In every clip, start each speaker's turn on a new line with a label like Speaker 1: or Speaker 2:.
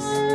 Speaker 1: guys.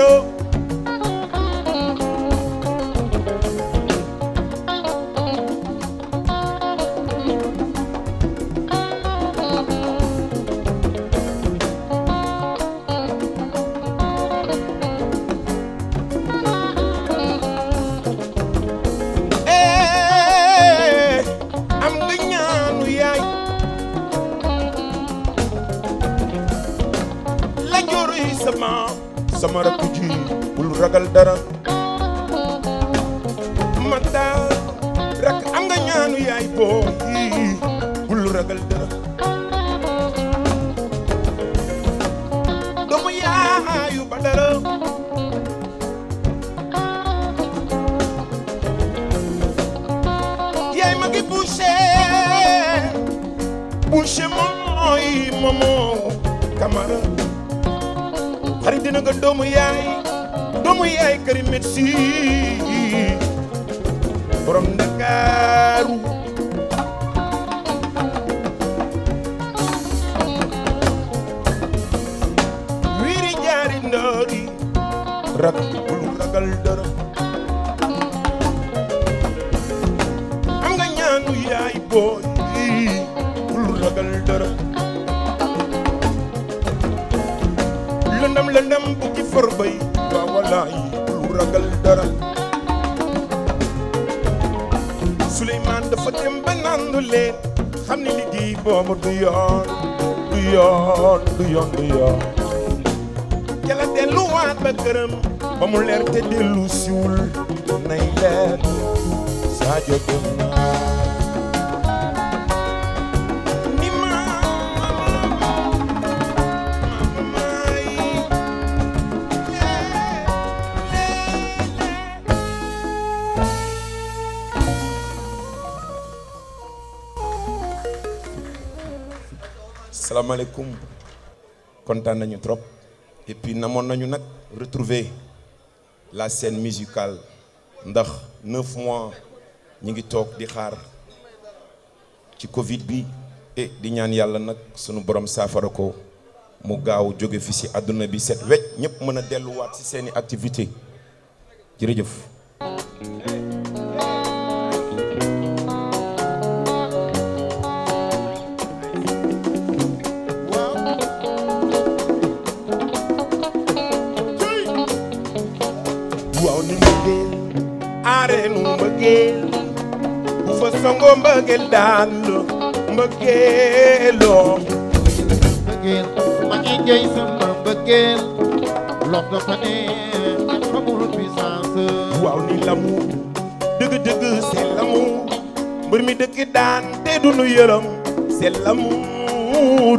Speaker 1: ¡No! scène musicale ndax neuf mois ñi ngi toog di xaar ci Covid bi di ñaan yàlla nag sunu borom saafara ko mu gaaw jóge fi si àdduna bi set wecc ñëpp mën a delluwaat si seeni activité jërëjëf. boo mbëggeel daan loo mbëggeel ma ngi mbëggeel lox dafa neex dafa amul puissance waaw ni lamu dëgg dëgg c'est lamu mbër mi dëkk daan te du nu yërëm c'est l'amour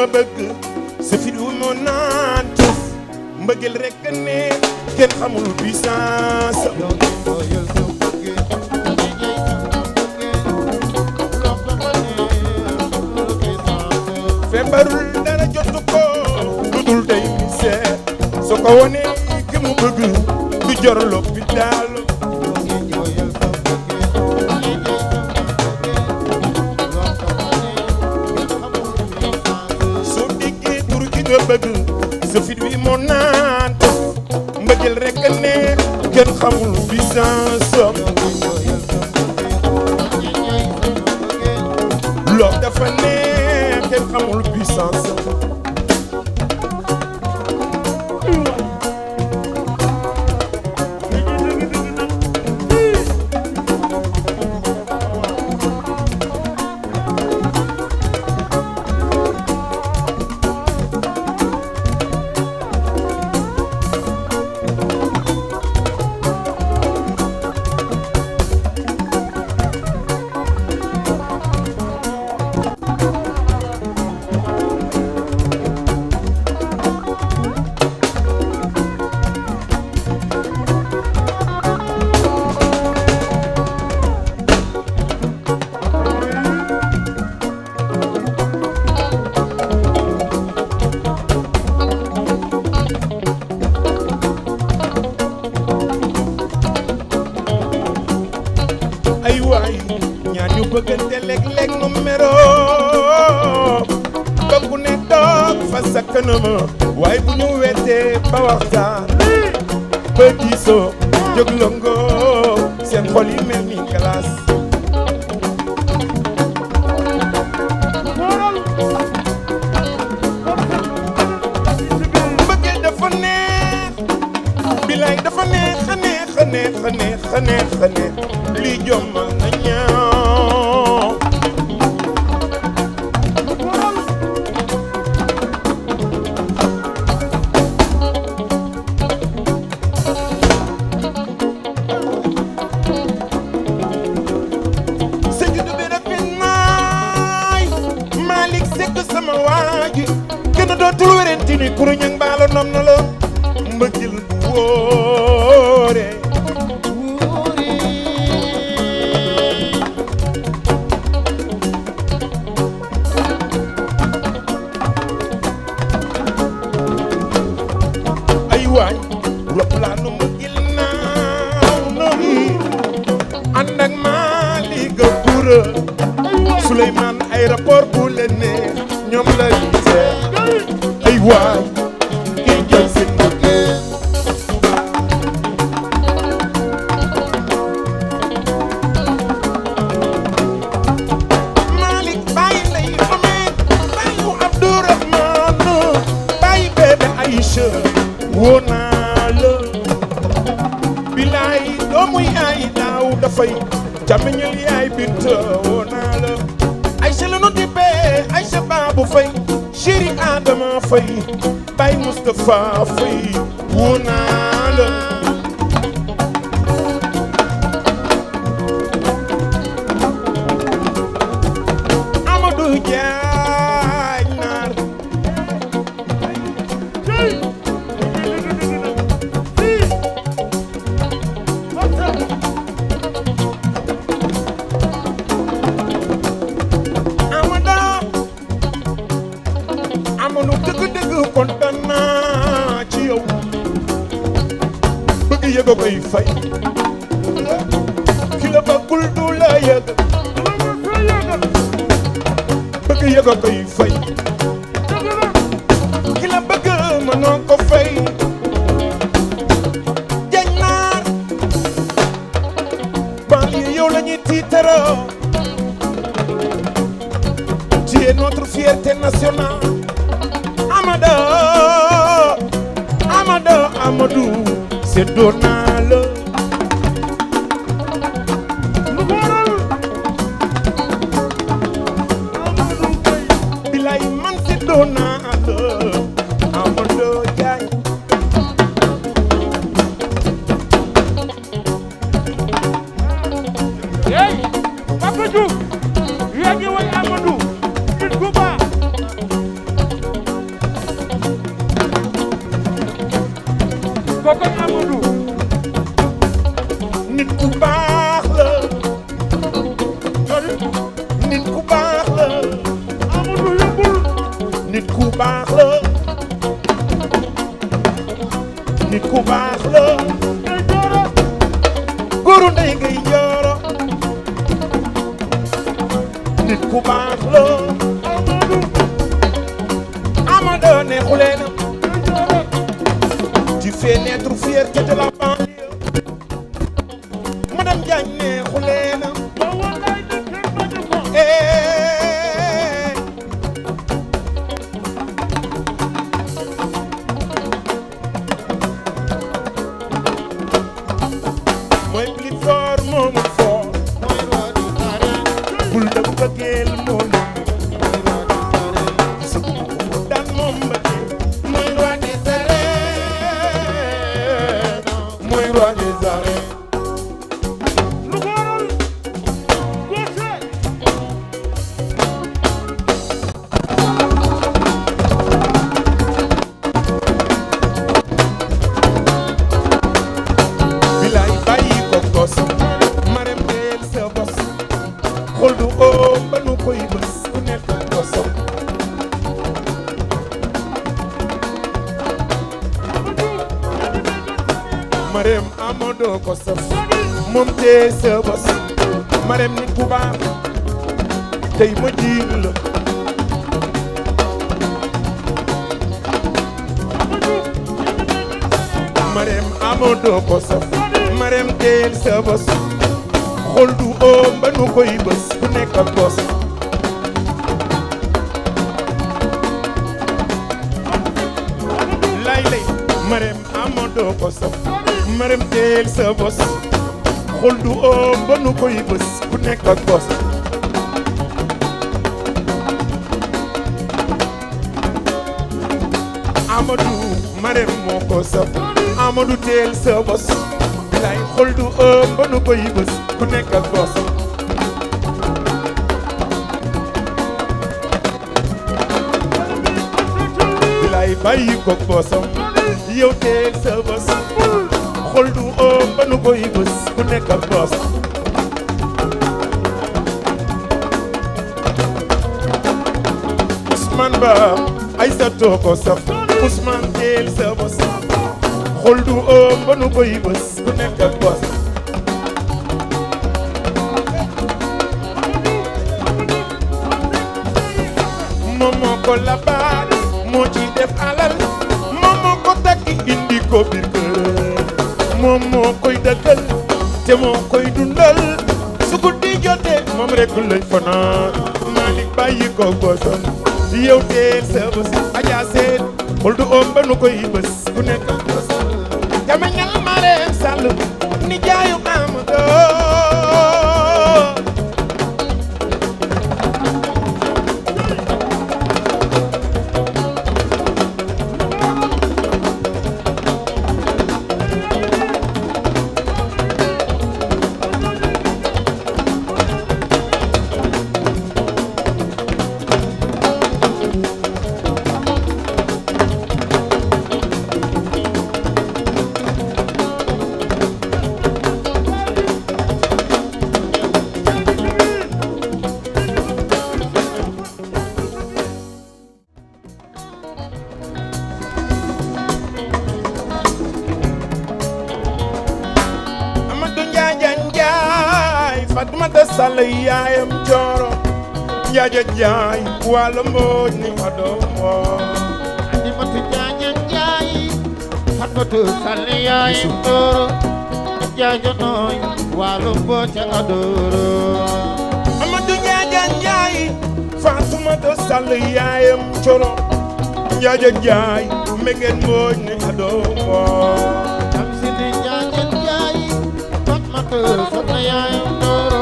Speaker 1: a bit naan ko mbëggeel rek a neex kenn xamul puissance loo dafa neex kenn xamul puissance bëggante léeg-léeg nu meroo ba ku ne toog fa sa kanama waaye bu ñu weetee ba waxtaan ba diisoo jóg longoo seen xol yi mel ni glace dafa neex a neex a neex a neex a neex ku baax la nit ku baax la ngay jooro góoru ndey ngay jooro nit ku baax la Amadou neexu leen ci fenêtre fierté de la так классно. solo njaaja njaay megen mooy ne adoo ko tam si ne njaaja njaay fat ma ko fat na yaay dooro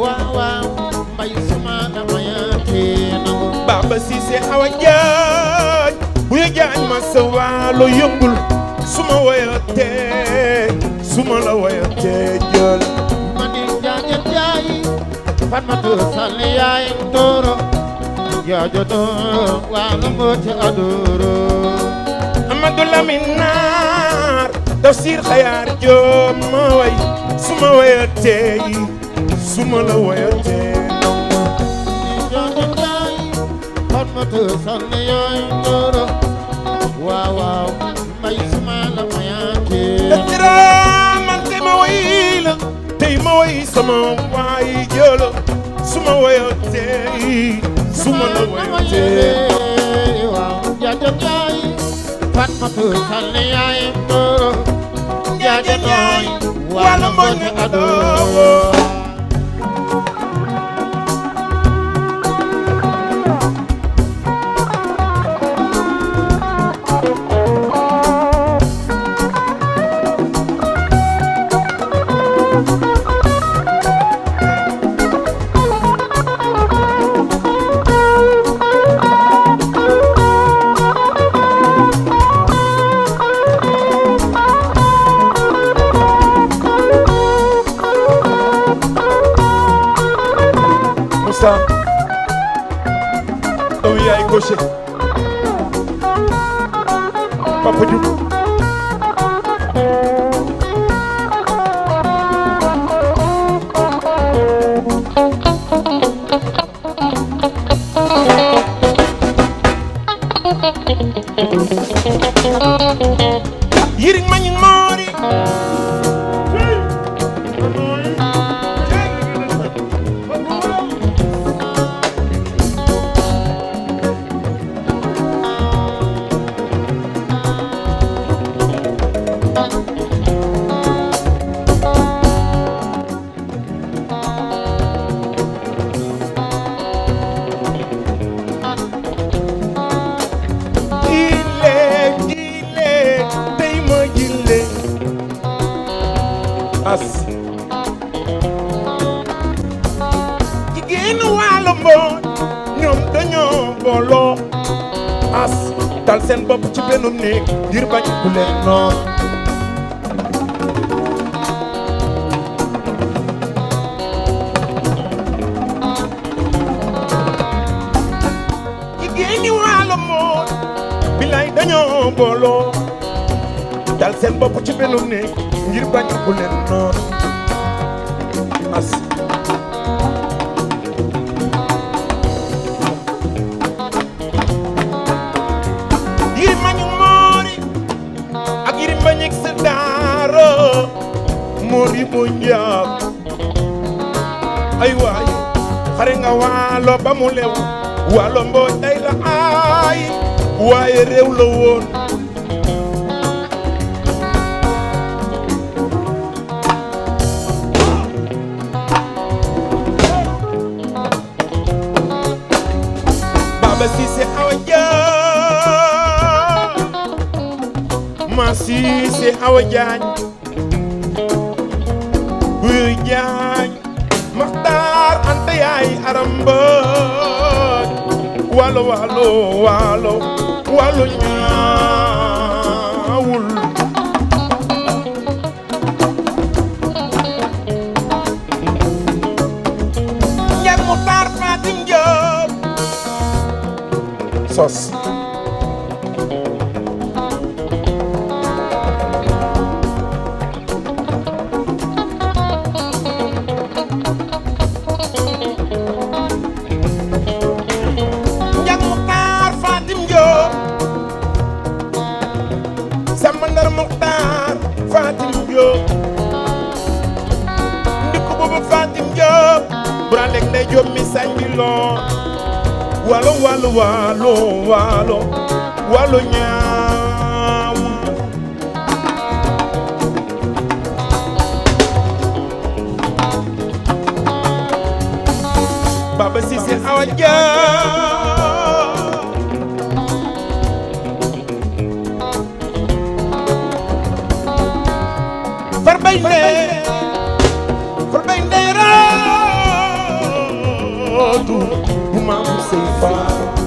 Speaker 1: waaw waaw mbay suma dama yaate nangu baaba siise awa njaay bu ya jaañ ma sa waalo yëmbul suma wayate suma la wayate jël
Speaker 2: ma ne njaaja njaay fat ma ko sal yaay
Speaker 1: dooro joojoto waalo mboote adooro Amadou Lamine Naar Tafsir Xayaar Joob ma way suma waya teeyi suma la
Speaker 2: waya tee ndongo joojotaay hormatu sanne yooyu ndoro waaw waaw mbay suma la mayaatee datira
Speaker 1: man ma way la tey ma way sama waay joolo suma waya teeyi suma nu wentee
Speaker 2: jaaja nooy fan ma tuur sal ni yaayam dooro jaaja nooy waala mboote adoo
Speaker 1: prender, prenderá todo uma mal sem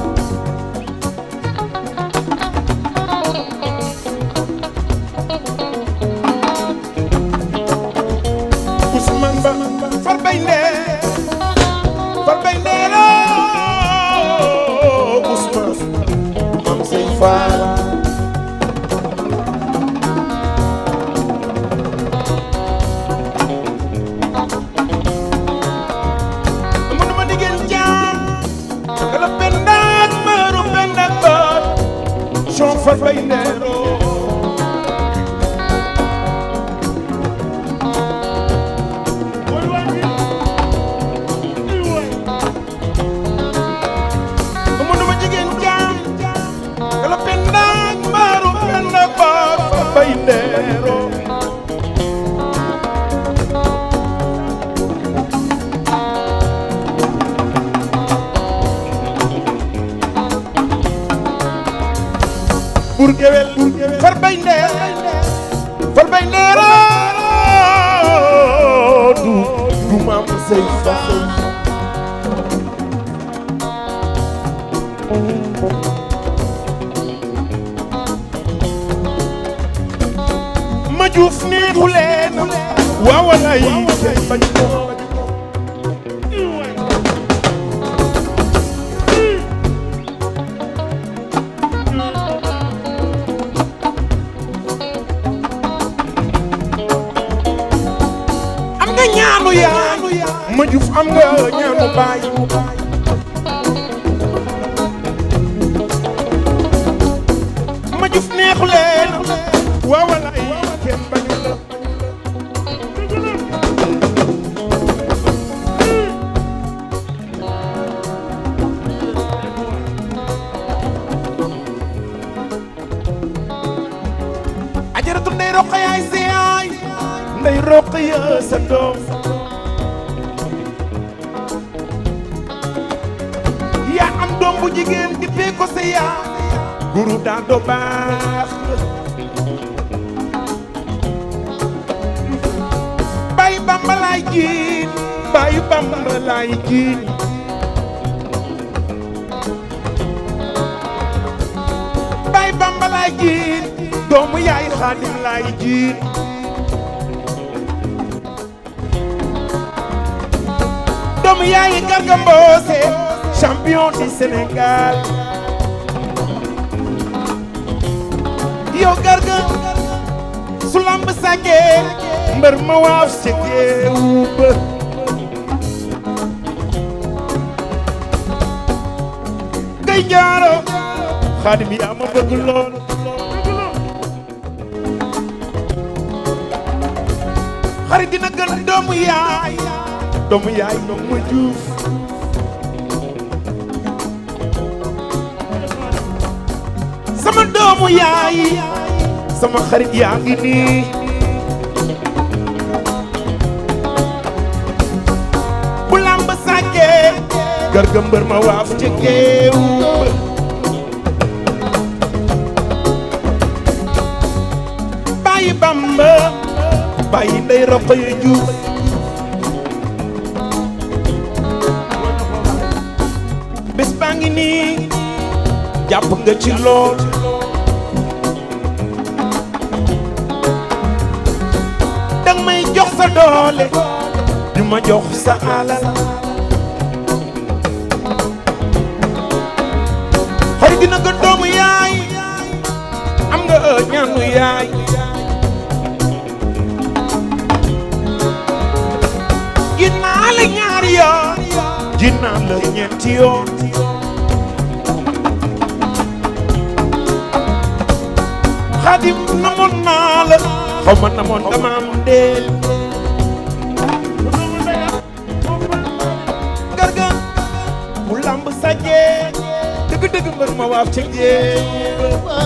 Speaker 1: dëgg mbër ma waaf ca jéego ma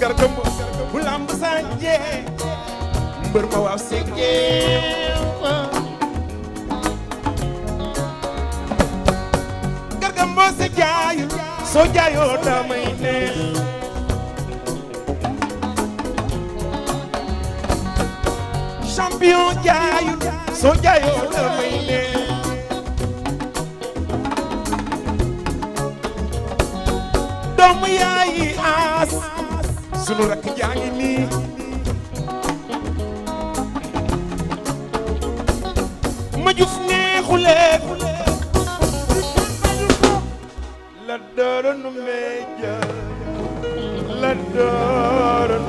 Speaker 1: garga mbër bu làmb sànje mbër ma waaf ca jéego ma garga mbër sa jaayu soo jaayoo damay neex champion jaayu soo jaayoo damay neex doomu yaayi aas sunu rakk jaa ngi nii ma juf neexu leen la dooroonu meeja la dooroon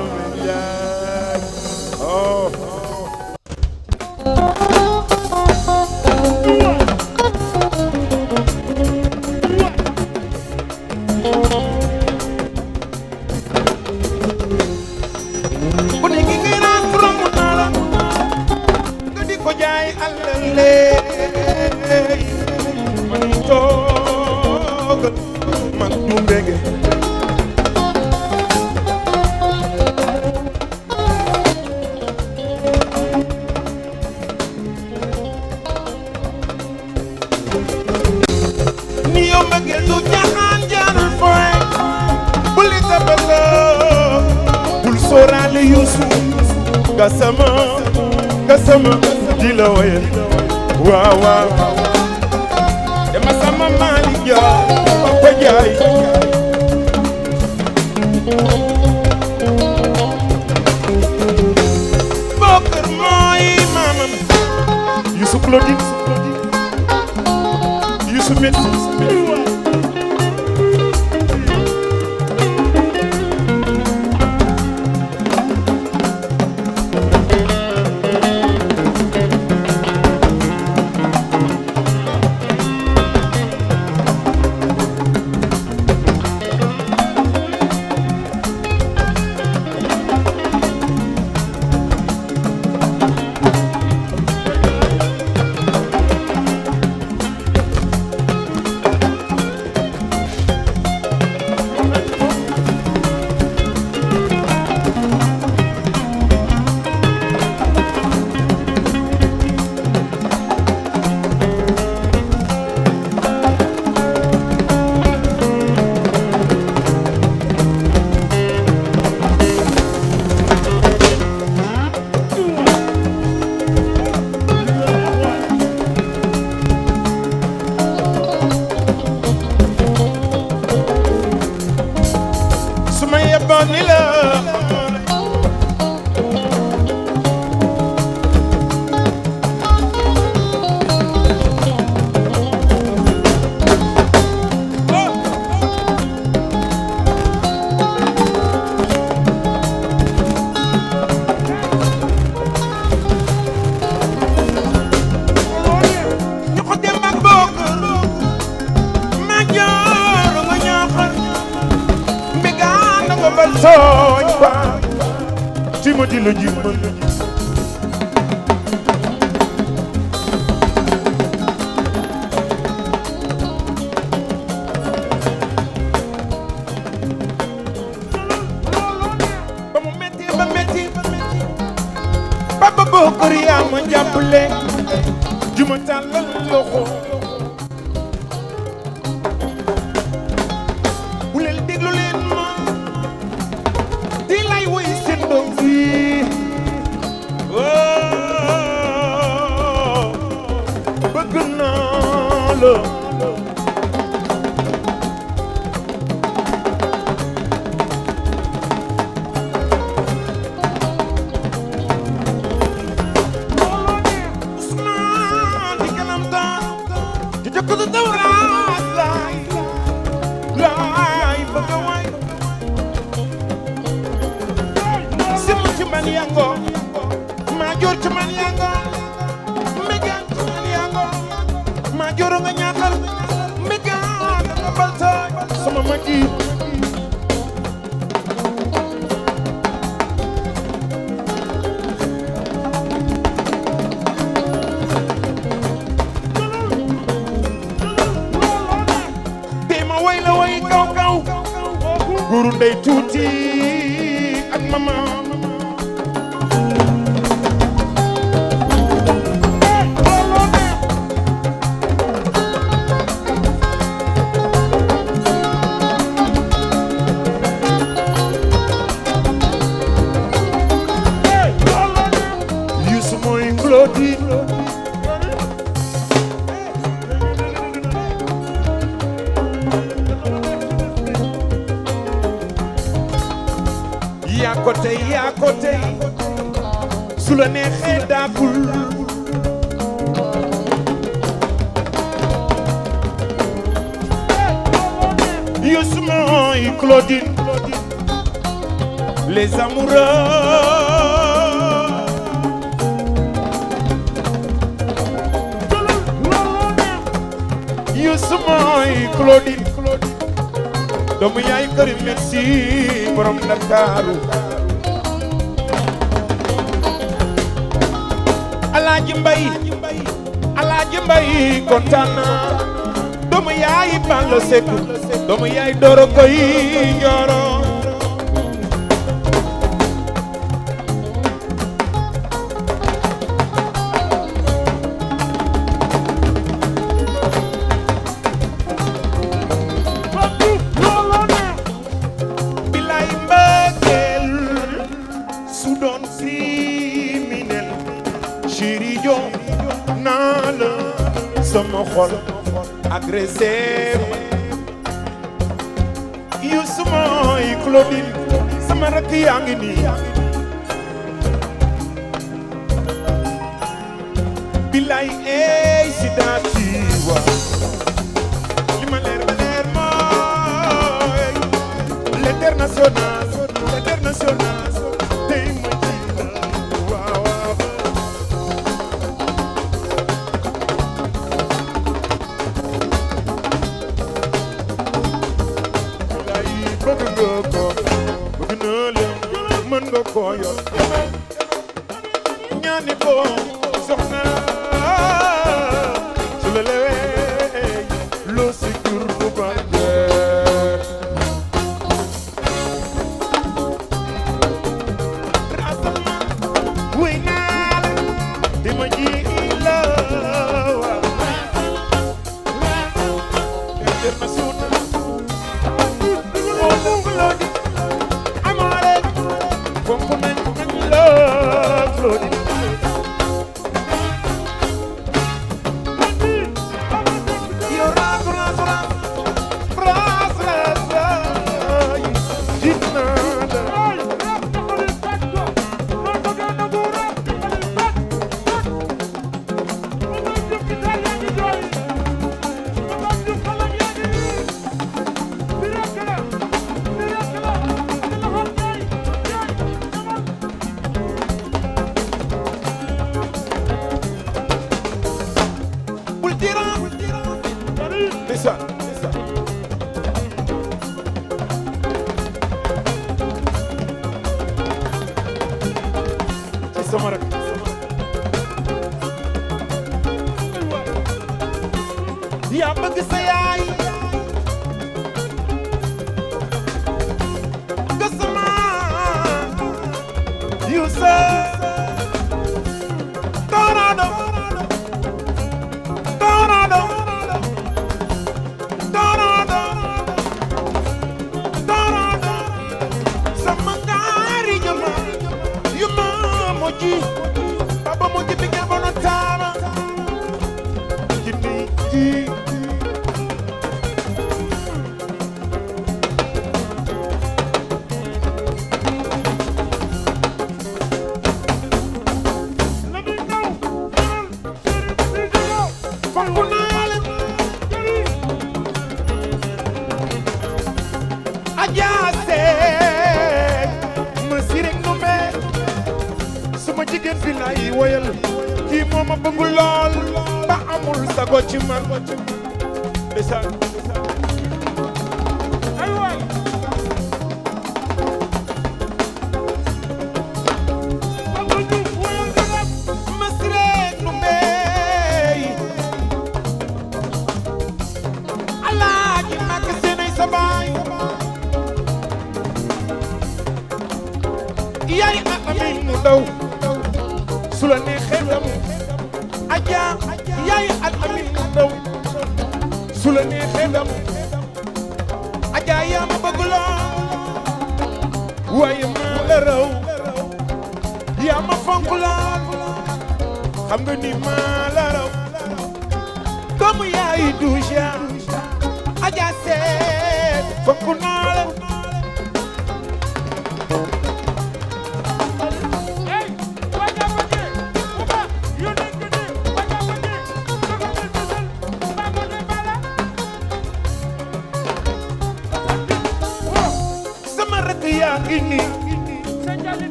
Speaker 1: man yango ma jur ci man yango megan ci man yango ma juru nga ñaxal megan nga balta sama magi guru ndey tuuti ak mama Ndakaaru Alaaji Mbay Alaaji Mbay kontaan naa doomu yaay Ballo Seck doomu yaay Doro koy Njoro xol agressé Youssou mooy Claudine sama rakk yaa ngi nii Time.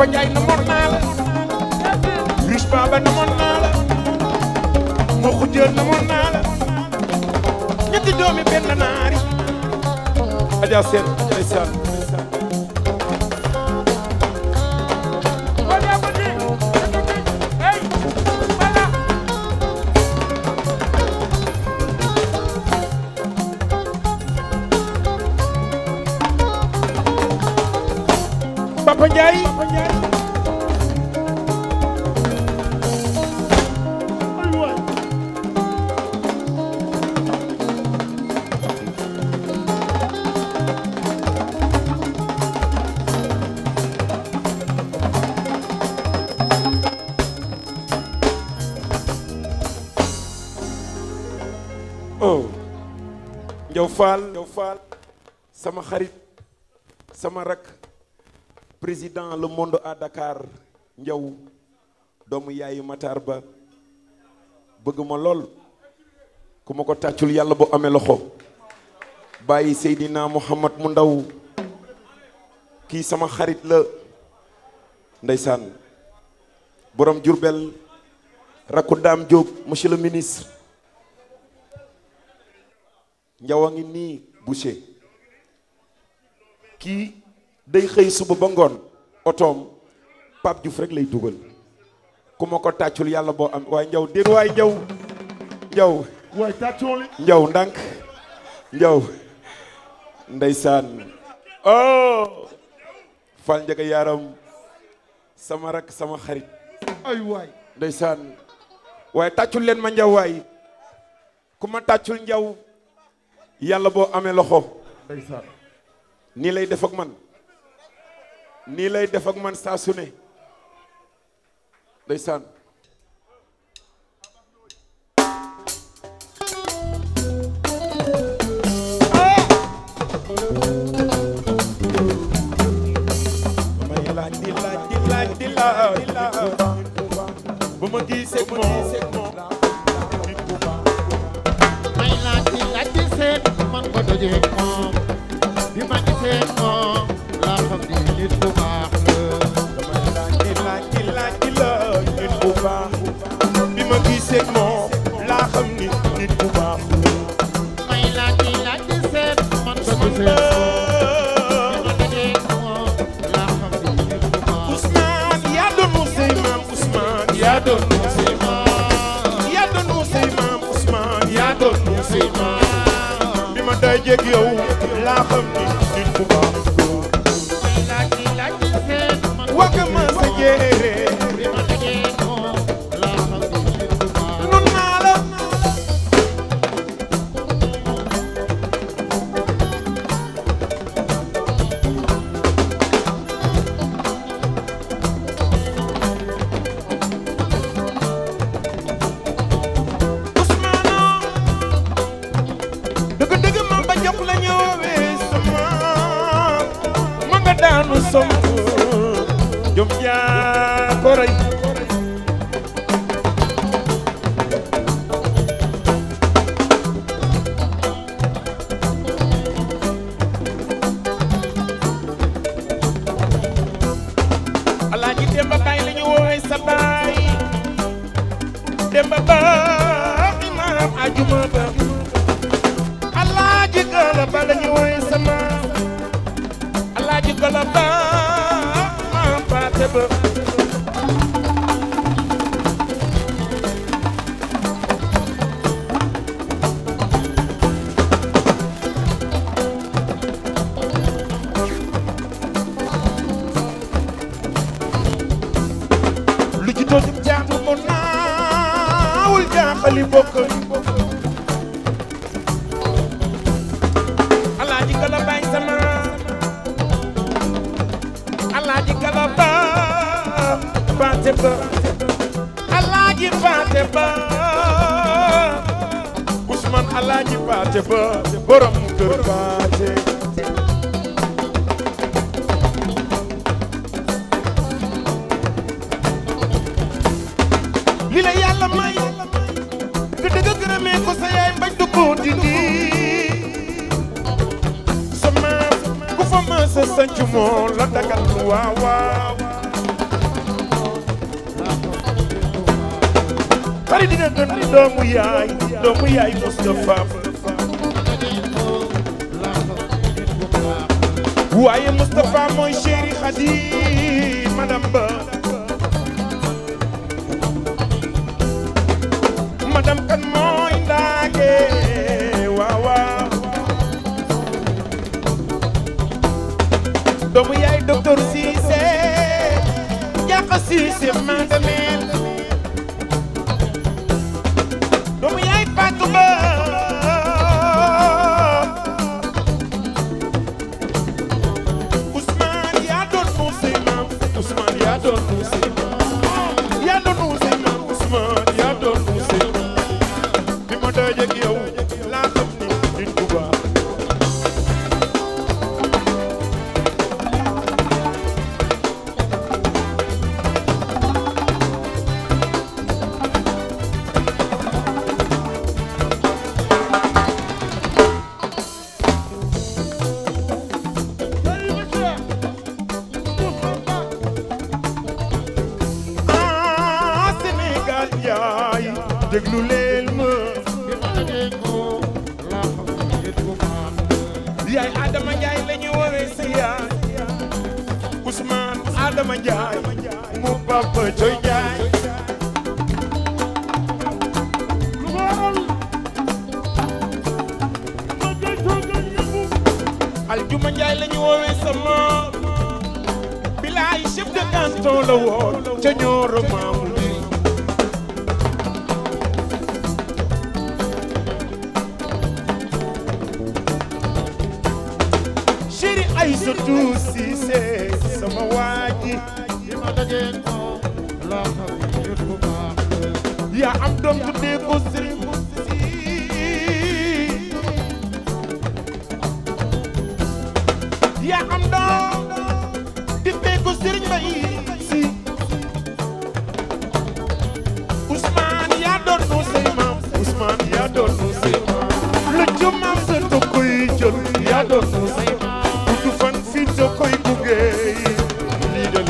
Speaker 1: Papa Ndiaye namoon naa la Louis Baba namoon naa la moo ko jël namoon naa la ñetti doomi benn naari Adja Sène ndeysaan faal ñëw sama xarit sama rak président le monde à Dakar njaw doomu yaayu Matar ba bëgguma lool ku ma ko tàccul yàlla bu amee loxo bàyyi Seydina Muhammad mu ndaw kii sama xarit la ndeysaan borom Jurbel rakku Dame Diop monsieur le ministre njawa ni boucher ki day xey suba ba ngoon otoom pap juuf rek lay duggal ku ma ko tàccul yàlla boo am waaye njaw déet waaye njaw njaw waaye tàccooli njaw ndank njaw ndeysaan oh fal njaga yaram sama rak sama xarit ay waay ndeysaan waaye tàccul leen ma njaw waay kuma ma tàccul njaw yàlla boo amee loxo nii lay def ak man nii lay def ak man saa su ne ndeysaan di laaj moom man ba dojeek moom bi ma gisee moom laa xam ni nit bu baax la dama laaj di laaj di laaj nit bu baax bi ma gisee moom laa xam ni nit bu baax la
Speaker 2: may laaj di laaj di seet man ba gisee
Speaker 1: Ousmane yaa doon mu sey maam Ousmane yaa doon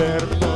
Speaker 1: eterna.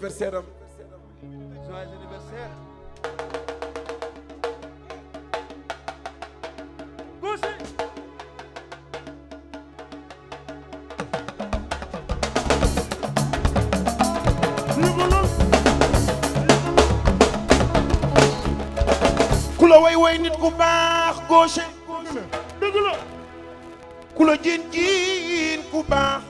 Speaker 1: anniversaire am ku la way way nit ku baax gauche dëgg ku la jiin ku baax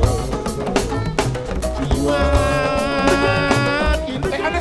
Speaker 1: waa liggéey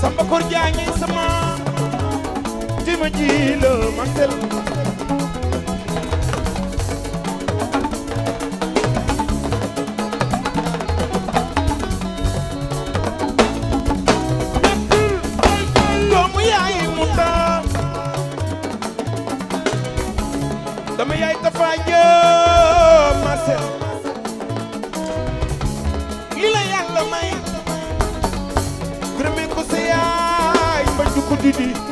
Speaker 1: sama kor jaa ngi sama jima ji la mantel 弟弟。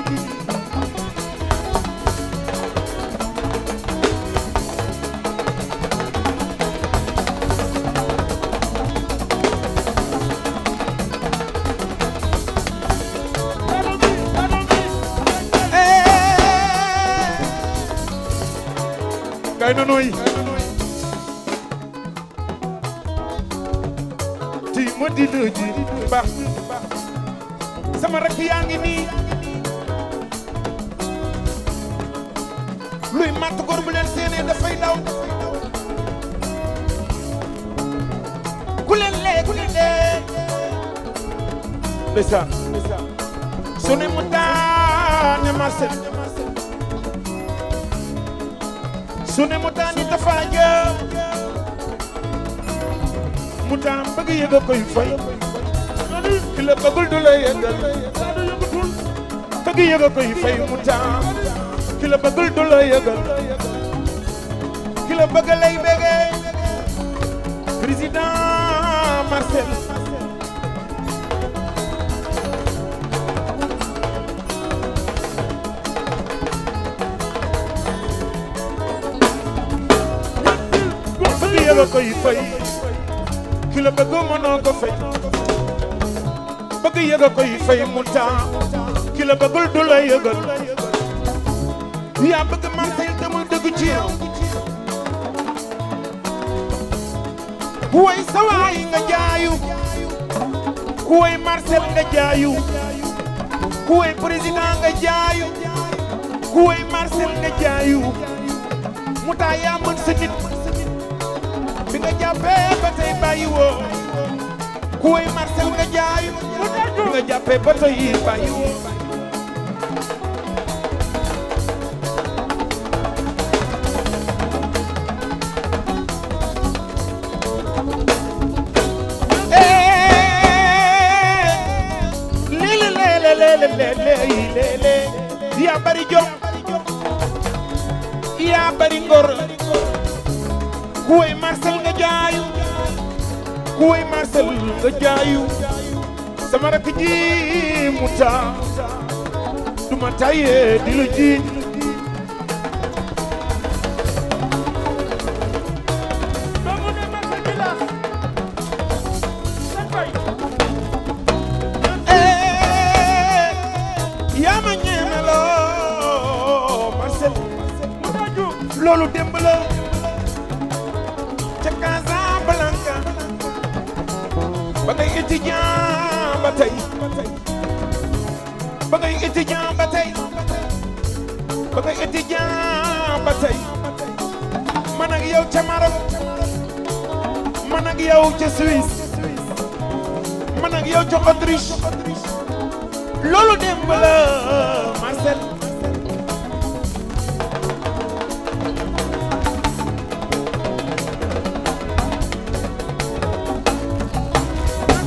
Speaker 1: bëgg yëga koy fay ki la bëggul du la yëgal bëgg yëga koy fay mu taam ki la ki la bëgg mënoo ko fay yëga koy fay mu taa ki la bëggul du la yëgal yaa bëgg man tey dama dëgg ci sawaay nga jaayu kuwoy Marcel nga jaayu kuwoy président nga jaayu kuwoy Marcel nga jaayu mu taa yaa mën sa jàppee ba tey bàyyi woo ku way Marcel nga jaay nga jàppee ba tey bàyyi woo nga jaayu sama rakk ji mu taa di la ji Suisse man yow ca Autriche loolu démb la Marcel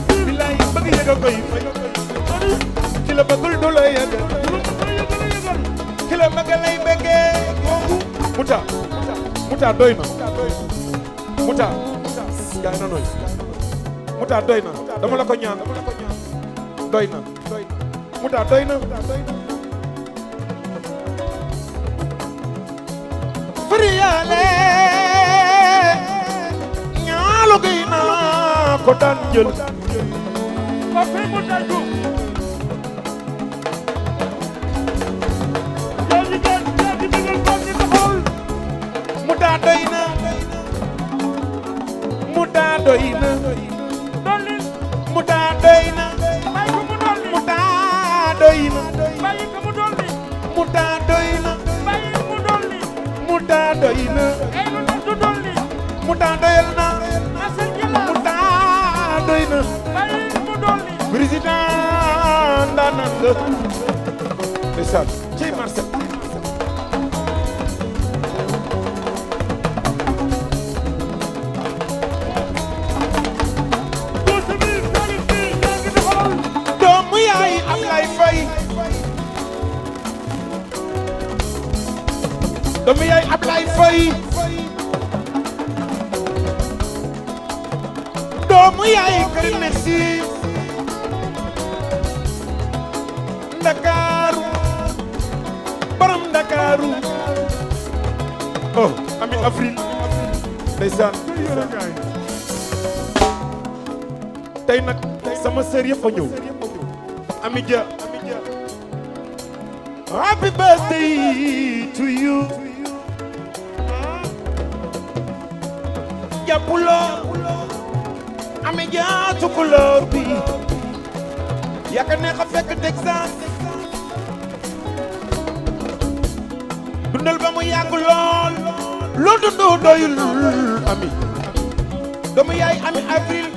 Speaker 1: bilaay bëgg yëga koy ki la bëggul du la yëga ki la bëgg lay bëggee kooku muta muta doy na muta gaa na Mouta doy na dama la ko ñaan doy na Mouta doy na fariyaale ñaalu gi naa ko daan jël
Speaker 2: ba fi mu daju
Speaker 1: jaaji jaaji jaaji digal jaaji doxol Mouta doy na Mouta doy na mu taa doyal
Speaker 2: na mu taa doy na président
Speaker 1: daanan la ndeysaan ci marché doomu yaay Ablaye Faye Ndakaaru borom Ndakaaru oh ami avril ndeysaan tey nag sama sœur yëpp a ñëw happy birthday to you ja puloor ame ja tukulóor bi yaka neex a fekk Texas dundal ba mu yàgg lool loo dundu doyul ami doomu yaay ami avril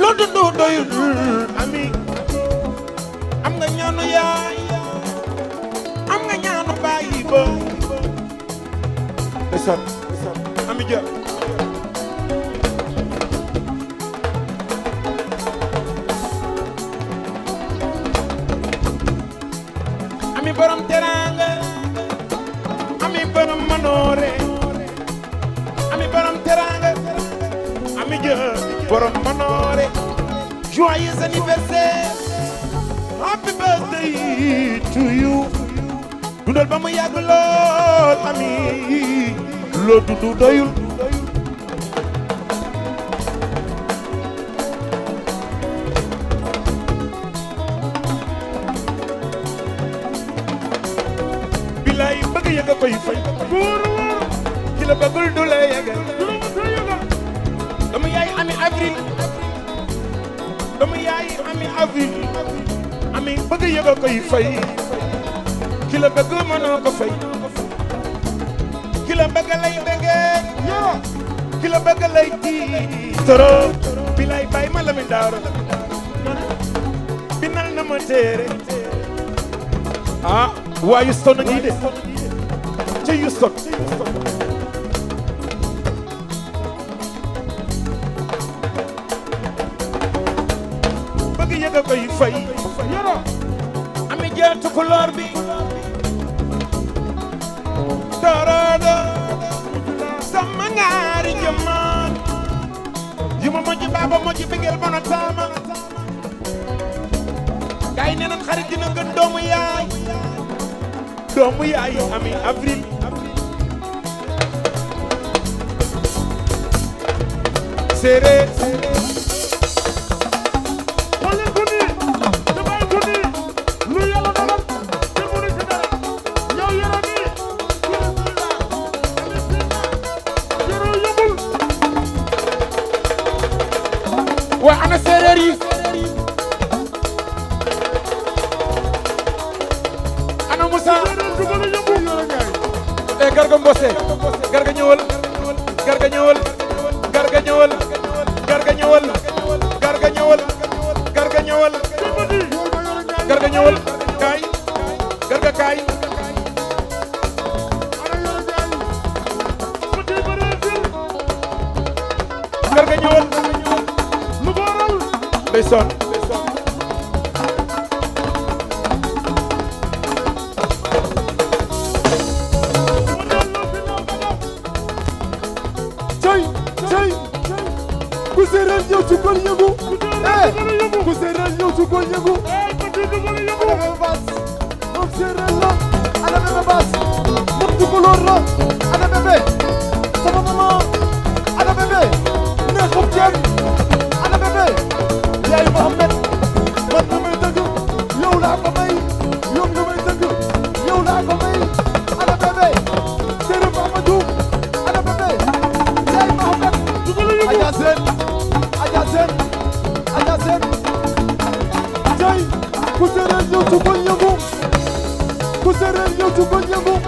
Speaker 1: loo dundu doyul ami am nga ñaanu yaay am nga ñaanu bàyyi ba ndeysaan ami ja joyeux anniversaire happy birthday to you dundal ba mu yàgg lool ami loo dundu doyul nga koy fay ki la bëgg mënoo yoo ki la bëgg toro bi lay bàyyi ma la mi daaro binal na ma téere ah waa Houston a ngi de ca Houston doomu yaay ami avril séeréer
Speaker 2: ceeb ana bébé yaayu Mohamed man ma may dëgg yow laa ko may yow la may dëgg
Speaker 1: yow laa ko may ana bébé Serigne Mamadou ana bébé yaayu Mohamed Adja Sène Adja Sène Adja Sène tey ku séeréer ñëw ci ko ñëngu ku séeréer ñëw ci ko ñëngu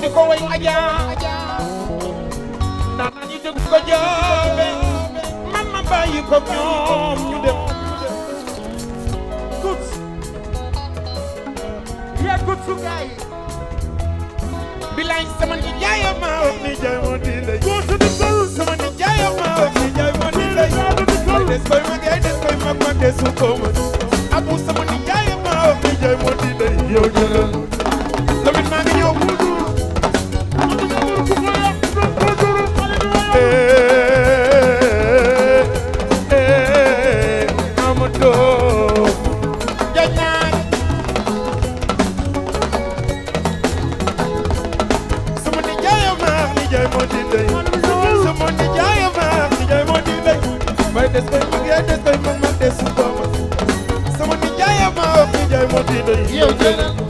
Speaker 1: di ko way aja ndax ñu dëgg ko jaabe man ma ñoom ñu dem gut yaa gut su gaay bilaay sama ni jaaya ma wax ni jaay moo di lay góotu di sol sama ni jaaya ma wax ni jaay moo di lay des koy mag di maa ngi ñëw Yeah. jëlal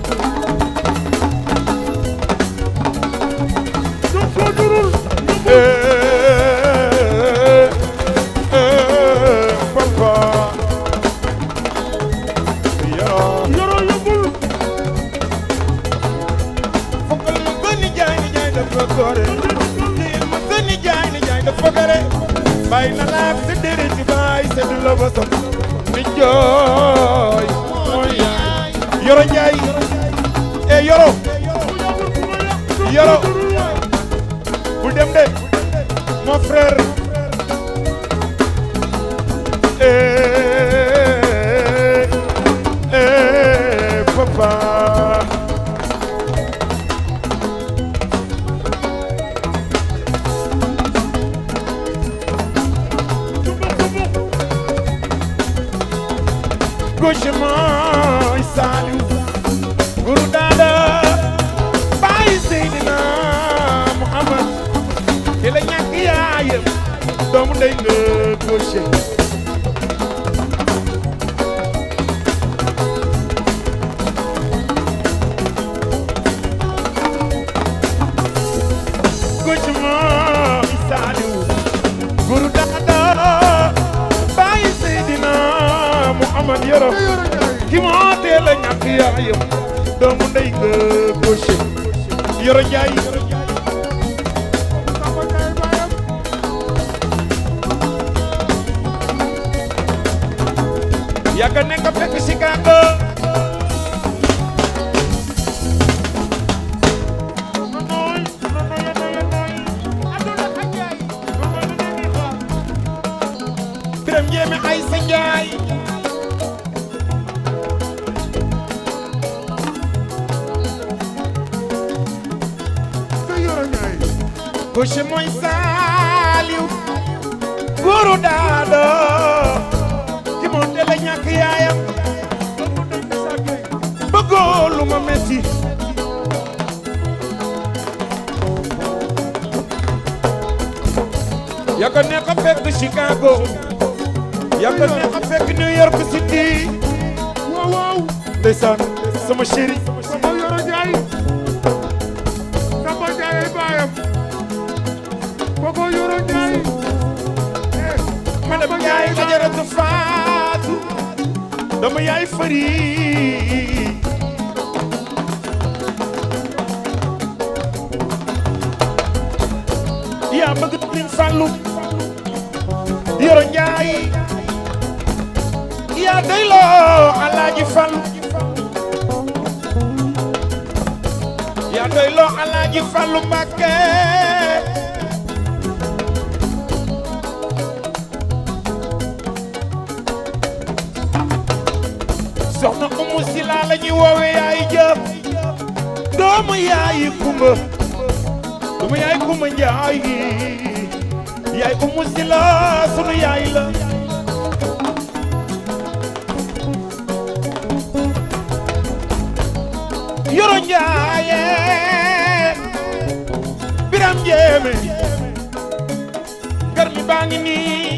Speaker 1: kër gi ngi nii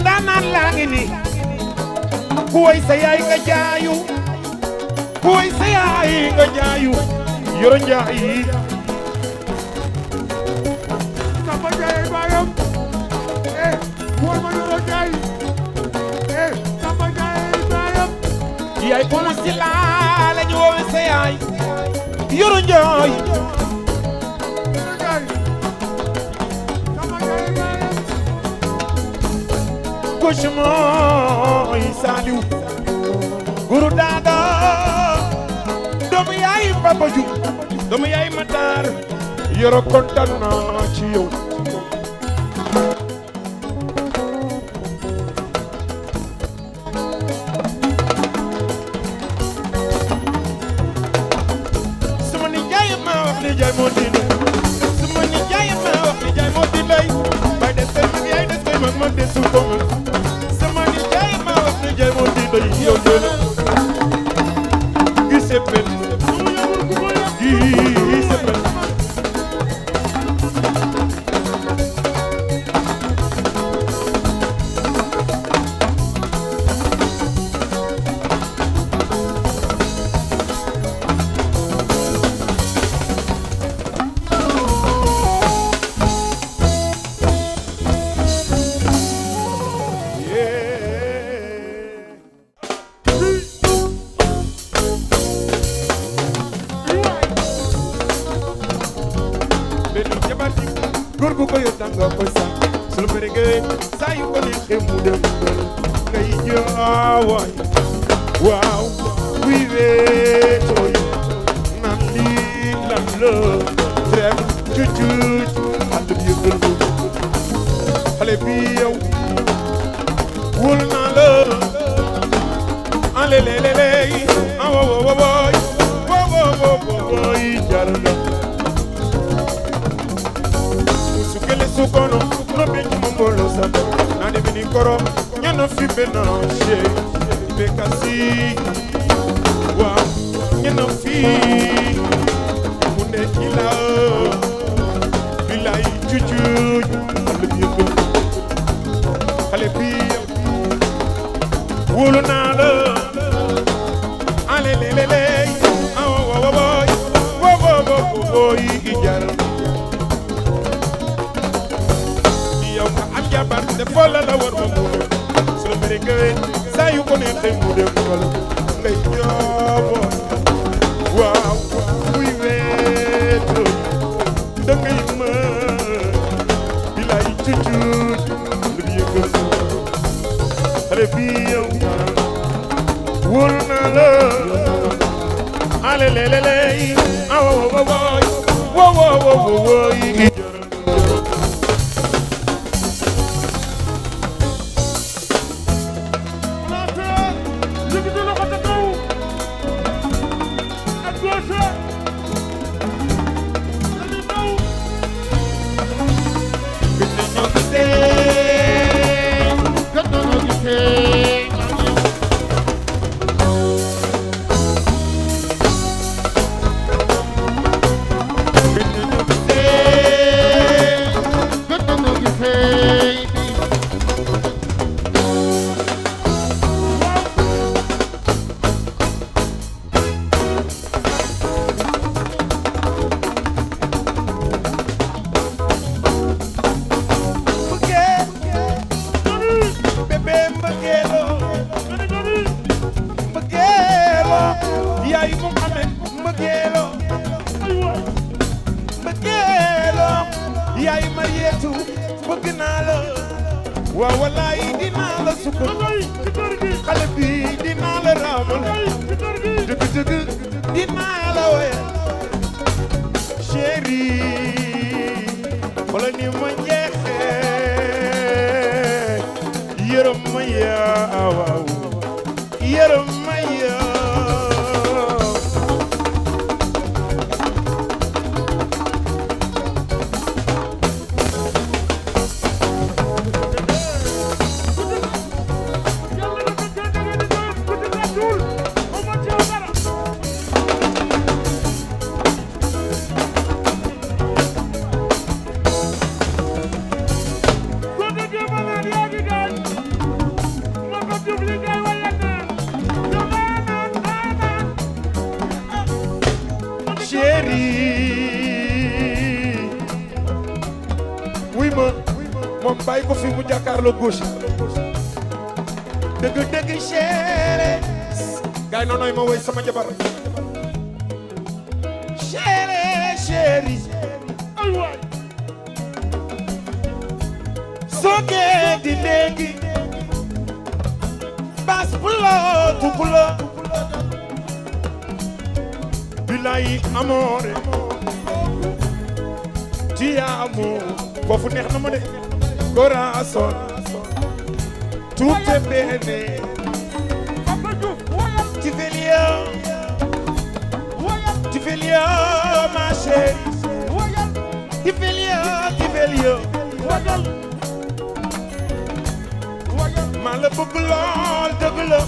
Speaker 1: ndaanaan laa ngi nii ku way sa yaay nga jaayu ku way sa yaay nga jaayu yoro njaay eh, eh, yaay ku mu ñu woowe coach mooy Saliou guru daada doomu yaay Papa Diouf doomu yaay Matar yoro kontaan naa ci yow la gauche dëgg dëgg chéri gaay noonoy ma woy sama jabar chéri chéri ay waay sogee di léegi bas bulo tu bulo amoore ti yaa amoo foofu neex na ma de tuute beene tu fais lien tu fais lien ma chérie tu fais lien tu fais lien ma la bëgg lool dëgg la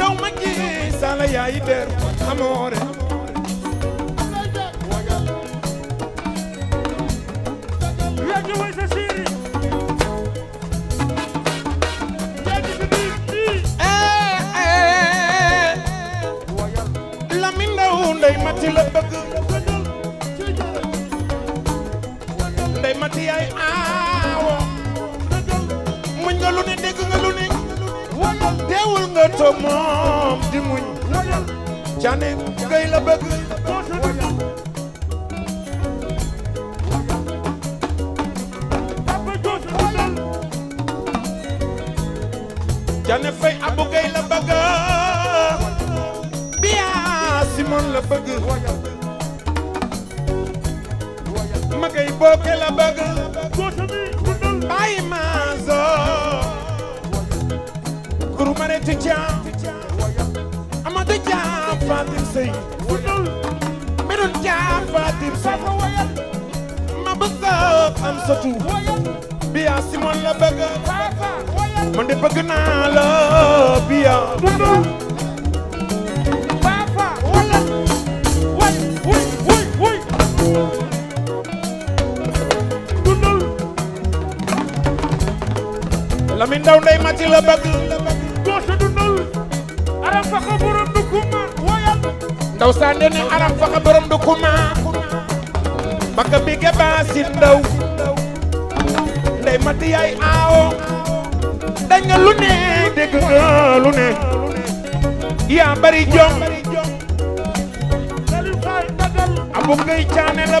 Speaker 1: daw ma ji sala yaay der amoore ci la bëgg ndey mati yaay aawo muñ nga lu ne dégg nga lu ne teewul nga to moom di muñ cane gay la bëgg cane fay bëgg ma koy booke la bëgg bàyyi ma zone kurumare tu jaam Amadou jaam Fatim Sey Medoun jaam Fatim Sey ma bëgg am satu biya Simon la bëgg man de bëgg naa la biya ndaw ndey mati la doo sa dundal aram faxa borom du kuma wayal ndaw saa ndene aram faxa borom du kuma maka bi ge baasi ndaw ndey mati yaay aawo dañ nga lu ne dégg nga lu ne yaa bari caane la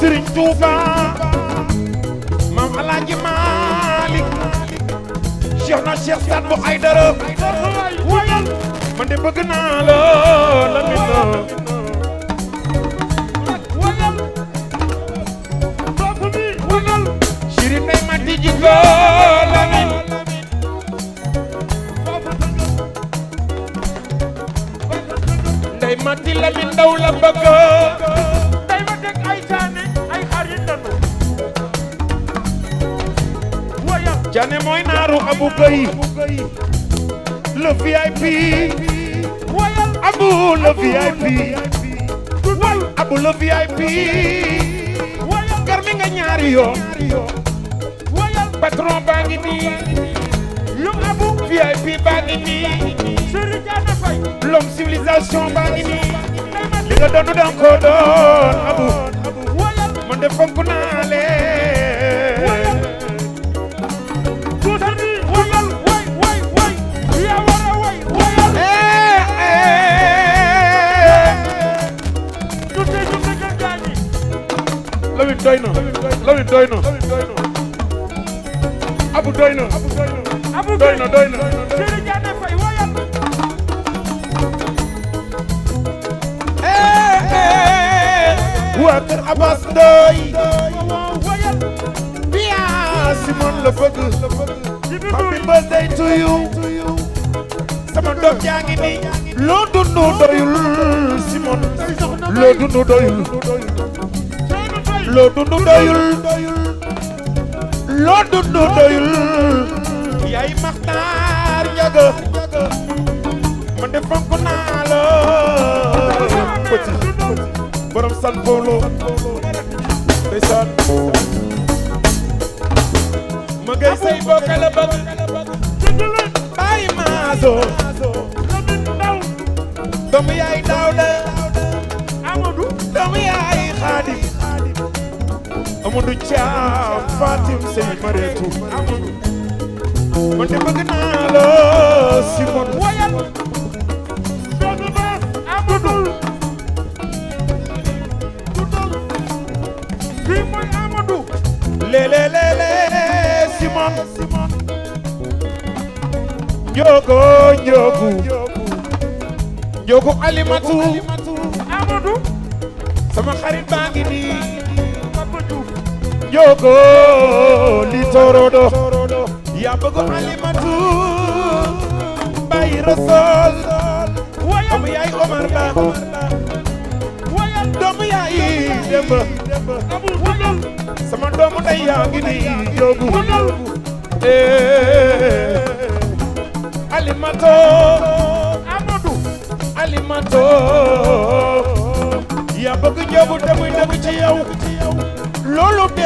Speaker 1: Sëriñ Tuuba maam Alaaji Maalik Cheikh na Cheikh Saad bu Aydara man de bëgg naa la la Gueye le VIP Abou le VIP Abou le VIP garmi nga ñaari yoon patron baa ngi nii l'homme Abou VIP baa ngi nii l'homme civilisation baa ngi nii li nga doon doon ko doon Abou man de fonk naa doy na Lamine doy na Abu doy na Abu doy na doy na Serigne Diagne Faye woyal eh waa kër Abbas doy woyal bia Simon la bëgg happy birthday to you sama doom jaa ngi
Speaker 2: nii
Speaker 1: loo dund doyul Simon loo dund
Speaker 2: doyul
Speaker 1: loo dundu doyul loo dundu doyul yaay maxtaar njaga man de fonk naa la petit borom san boolo ndeysaan ma ngay say bokka la bëgg bàyyi maaso doomu yaay daaw la Amadou doomu yaay Amadou Thiam Fatim Sey Mareetu man de bëgg naa la Simon wayal bëgg naa alimatu sama xarit baa ngi nii jógoo li yaa bëgg alimatu bàyyi rasool doomu yaay Omar Ba sama doomu ndey yaa ngi nii jógu
Speaker 2: ee eh,
Speaker 1: alimato Amadou alimato yaa bëgg jógu te muy dëgg ci yow loolu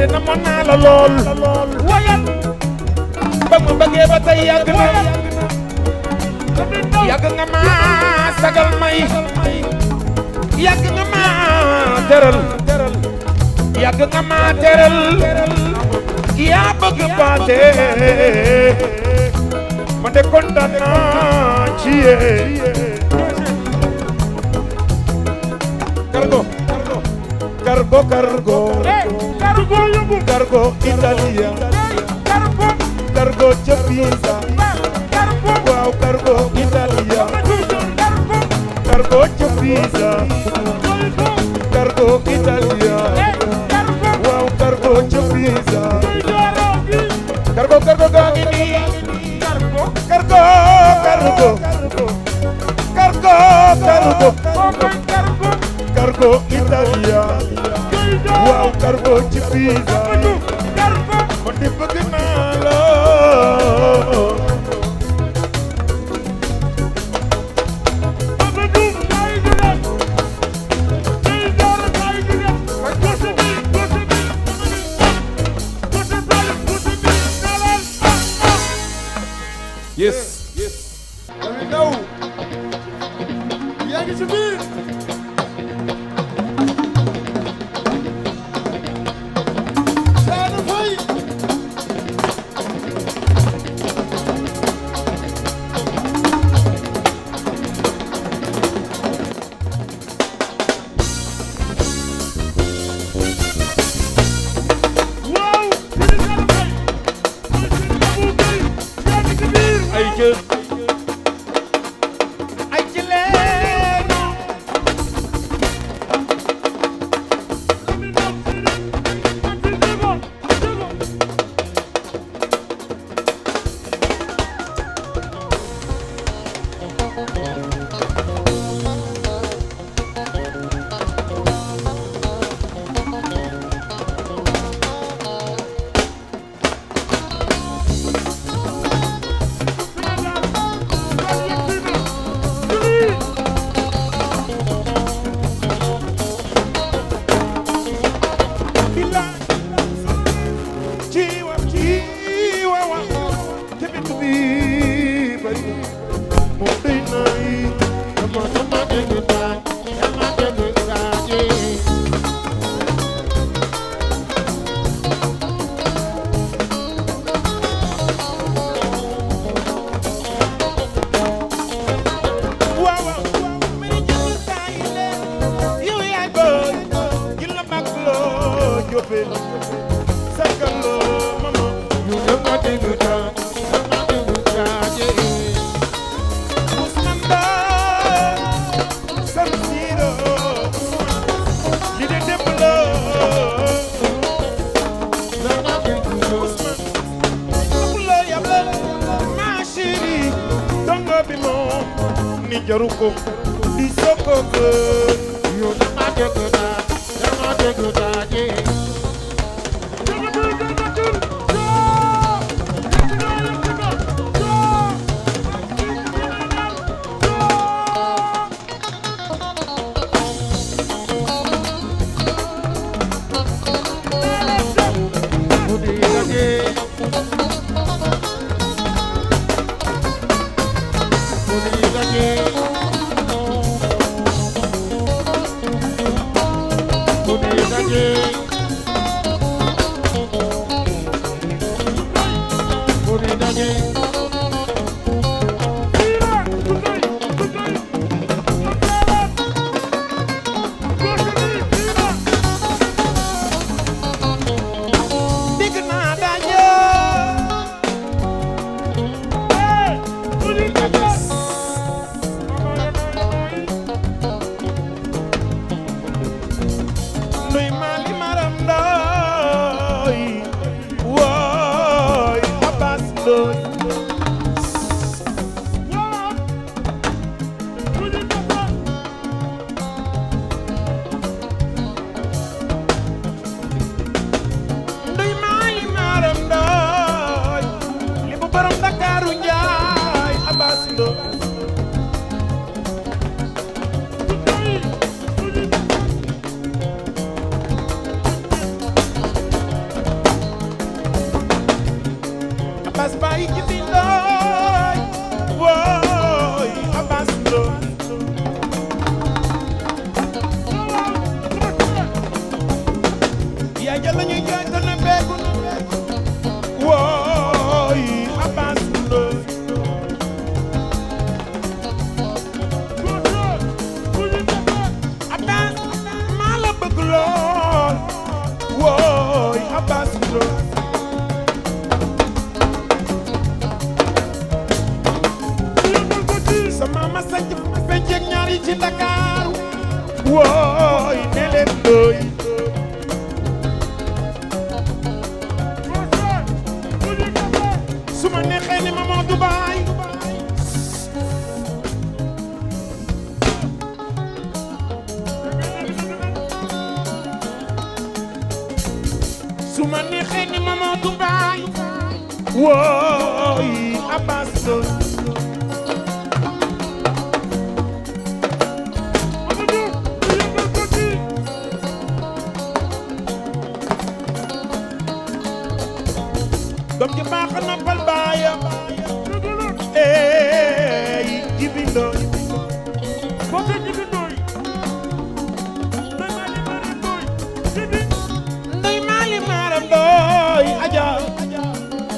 Speaker 1: de na mën naa la lool wayal ba ma bëggee ba tey yàgg na yàgg nga ma sagal may yàgg nga ma teral yàgg nga ma teral yaa bëgg baate ma de kontaan naa ci yéen cargo du ko yóbbu cargo italien cargo cargo ca Pisa cargo waaw cargo italien cargo ca Pisa cargo italien waaw cargo ca Pisa cargo cargo gaa ngi nii cargo cargo cargo cargo cargo cargo italien garbo ci biir. garbo. man de bëgg naa.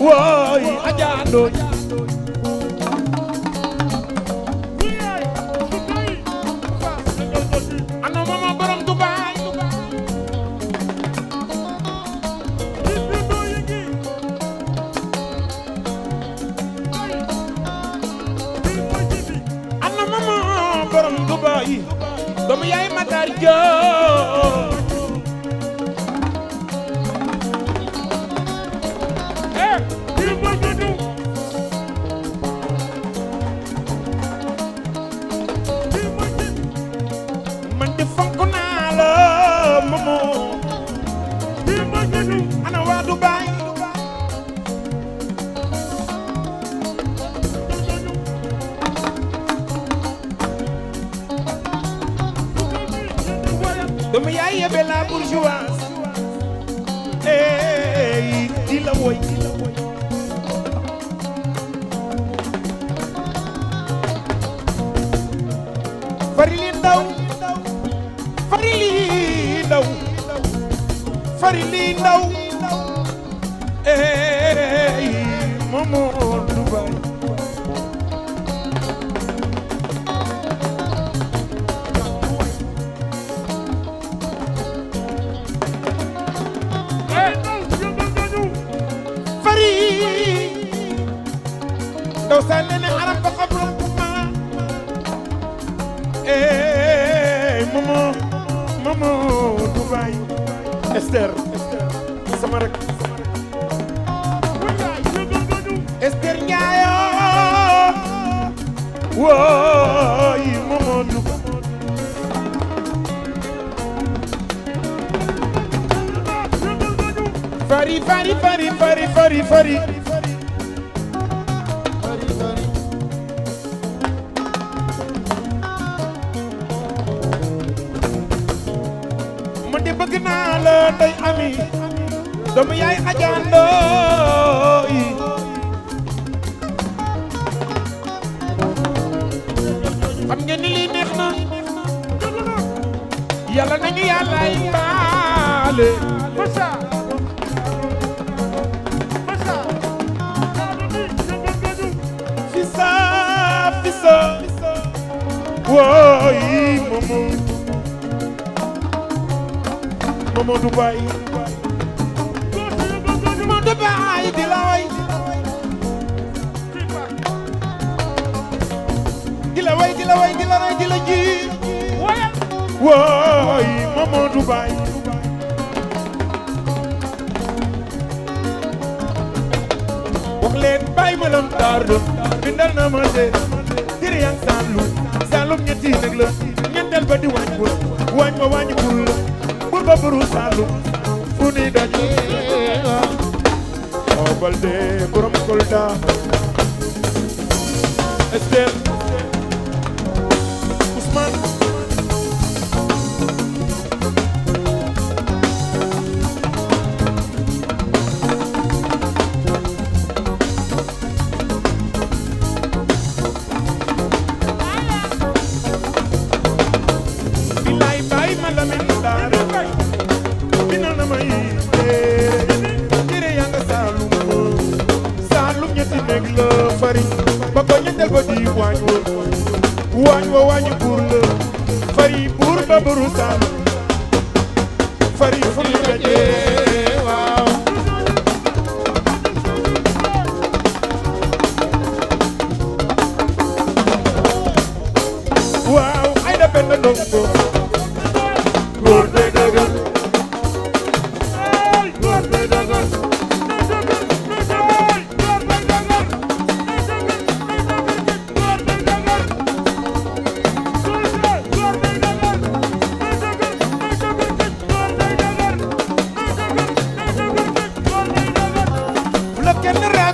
Speaker 1: wooy ajaandooñ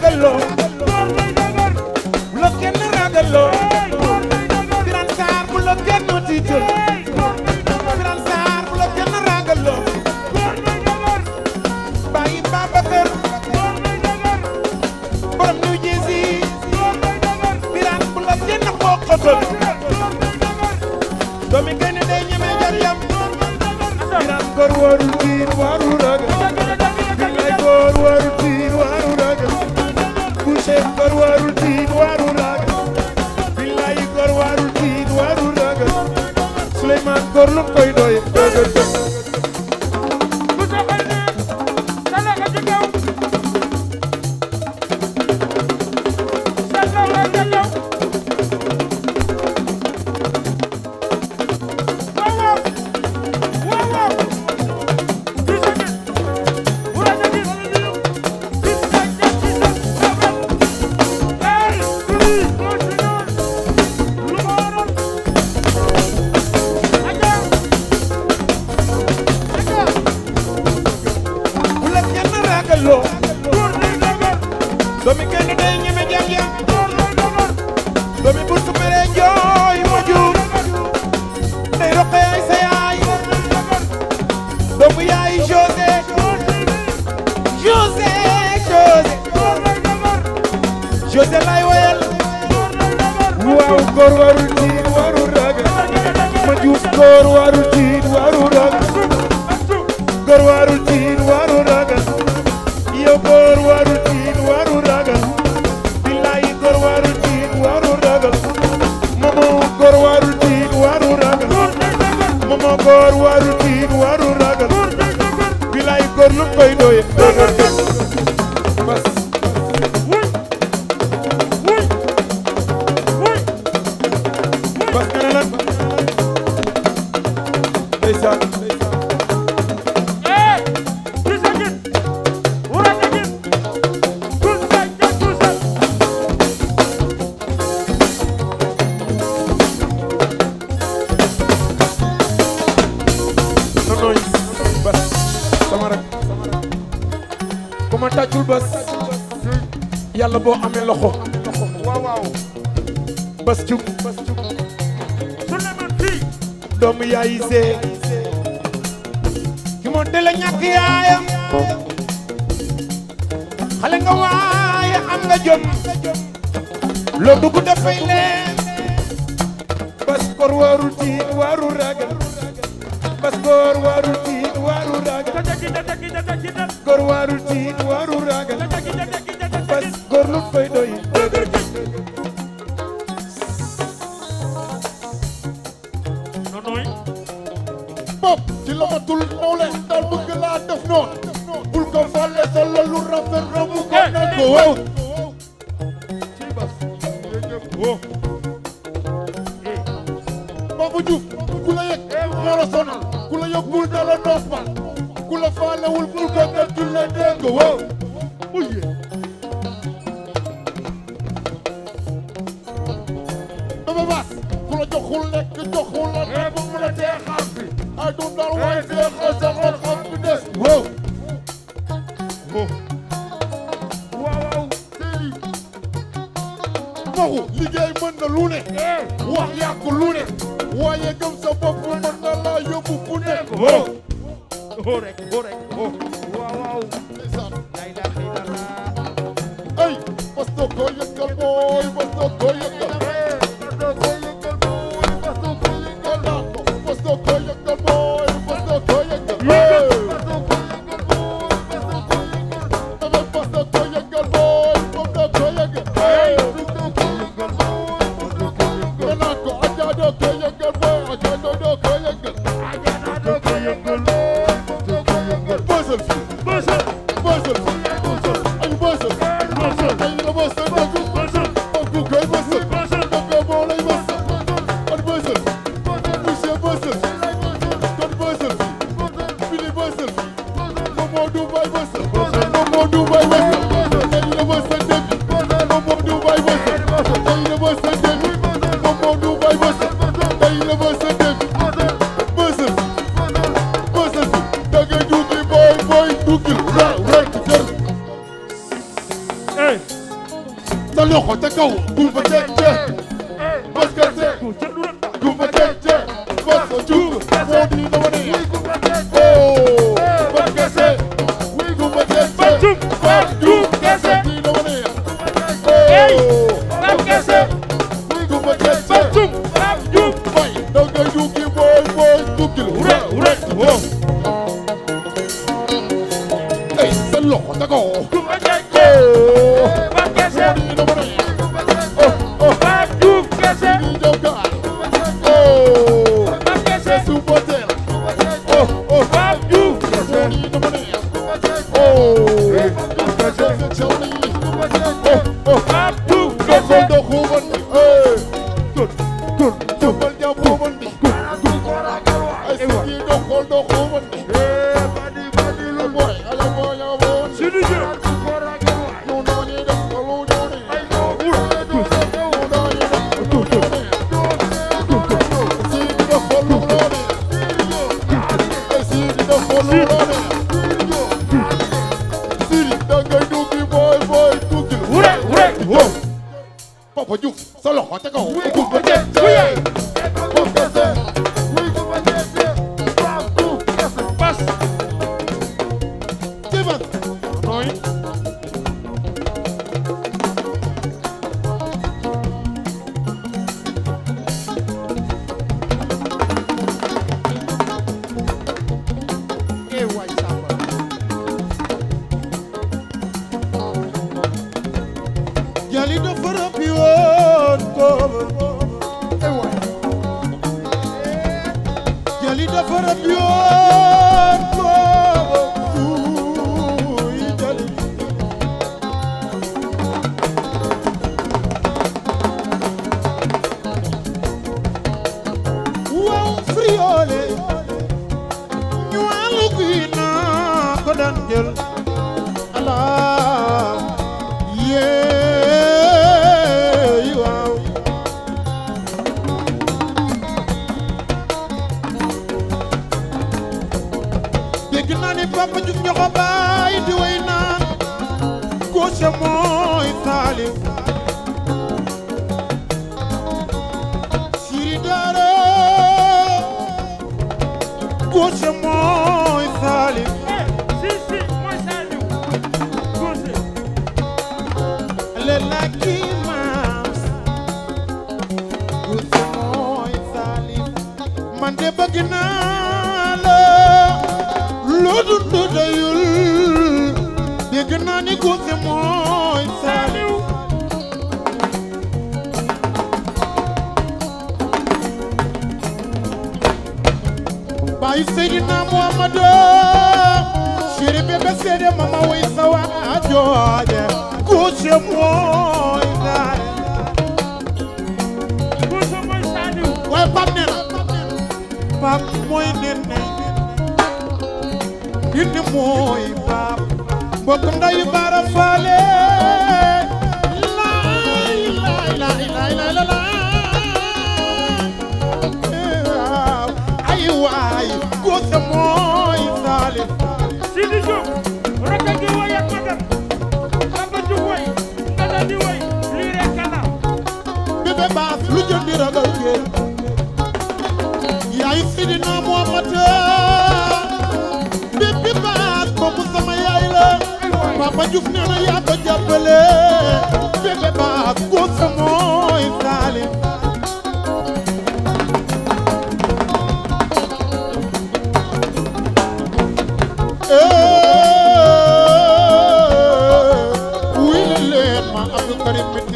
Speaker 1: hágalo.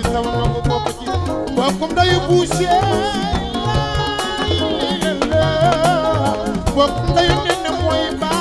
Speaker 1: ci saw nangu bokk ci bokkum ndeyu buuse
Speaker 2: bokkum ndeyu nen mooy ba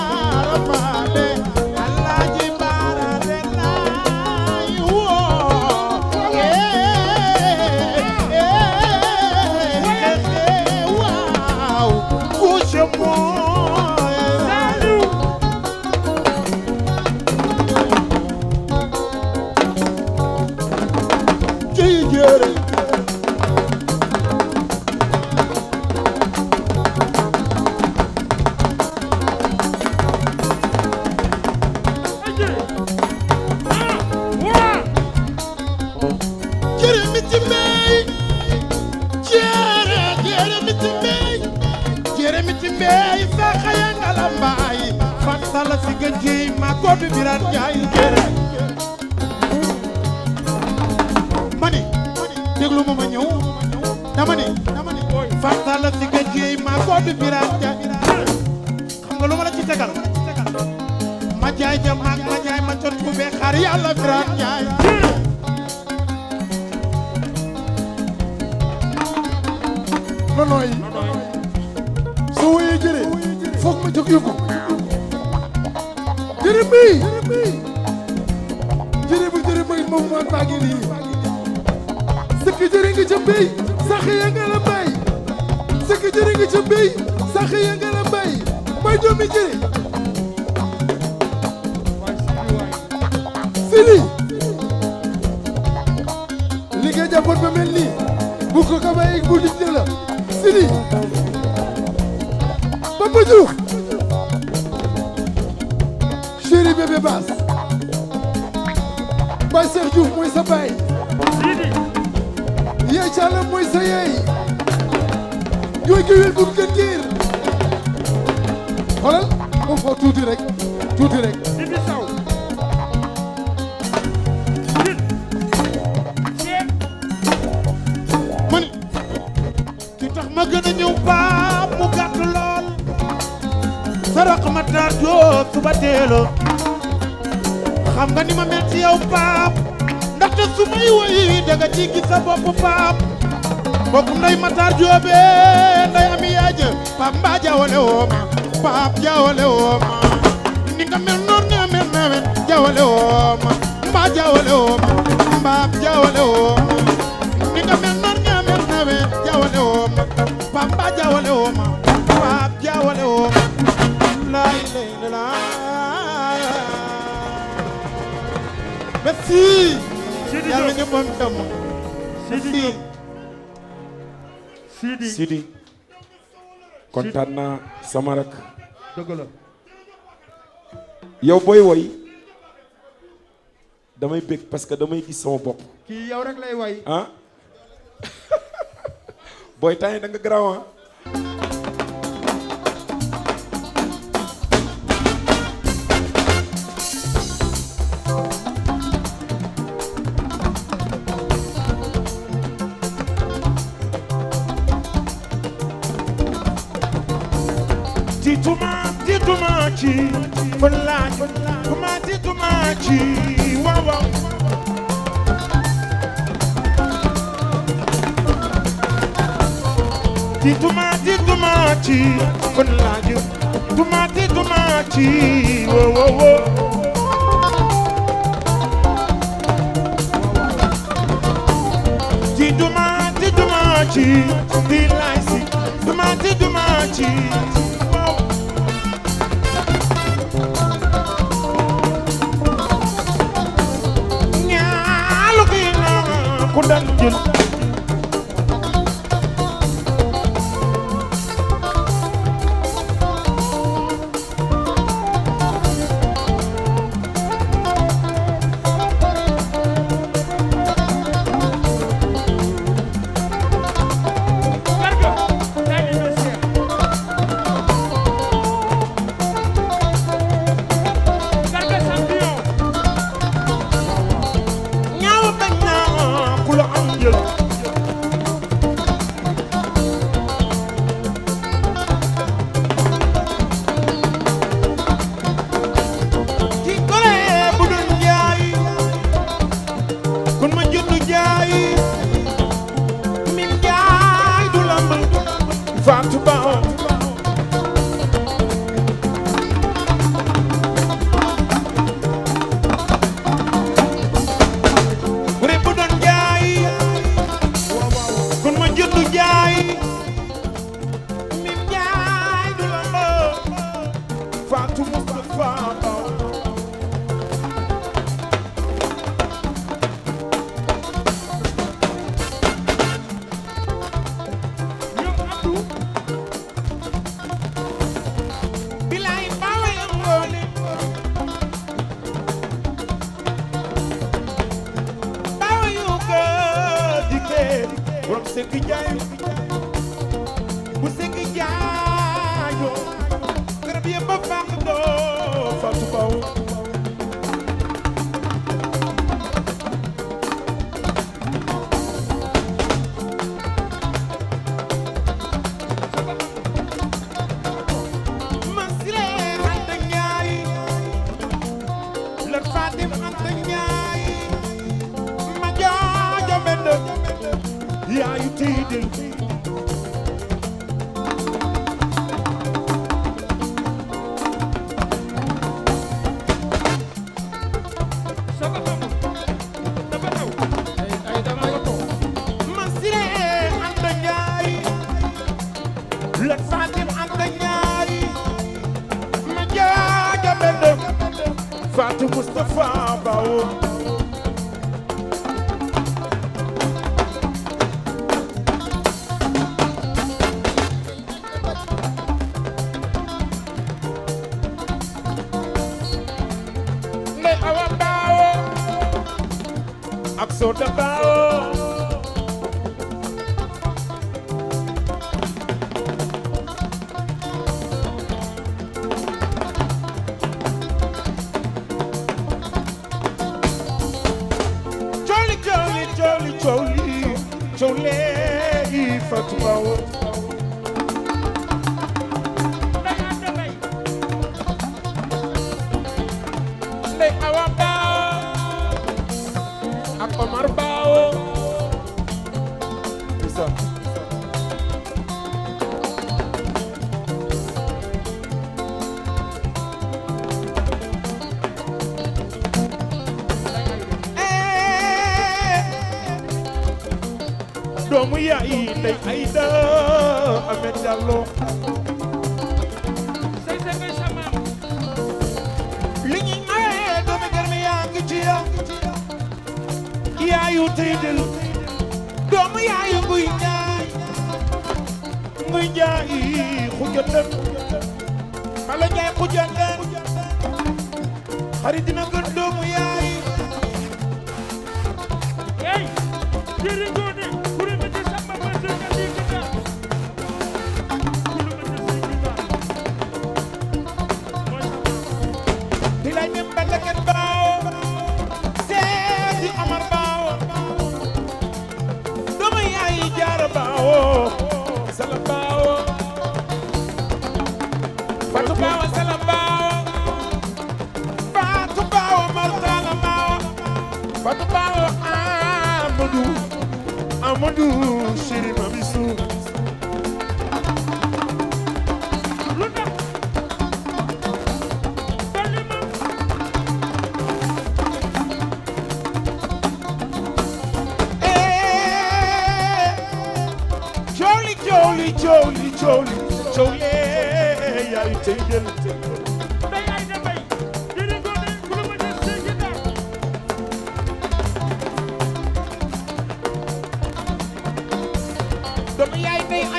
Speaker 1: yaakaar sama rek dëgg la booy woy damay bég parce que damay gis sama bopp kii yow rek lay woy ah booy temps yi da ti wo Ti duma ti duma ti ti laisi duma ti duma ti. Hello.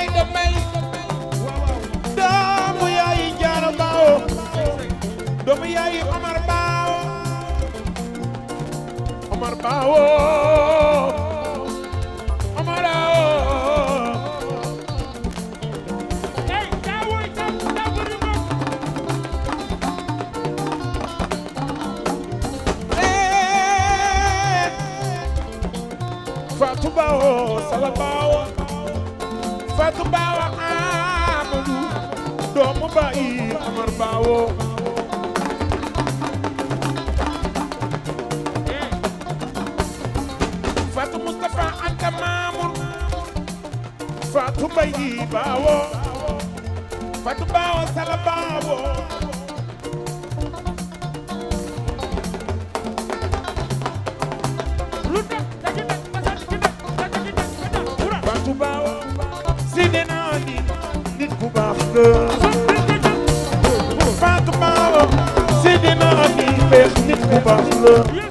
Speaker 1: fayda may doomu yaayi jaara baawo doomu yaayi Omar baawo Omar baawo Omar Fatou baawo sala baawo bawo Fatou Moustapha Anta Mamour Fatou Baye bawo Fatou bawo love.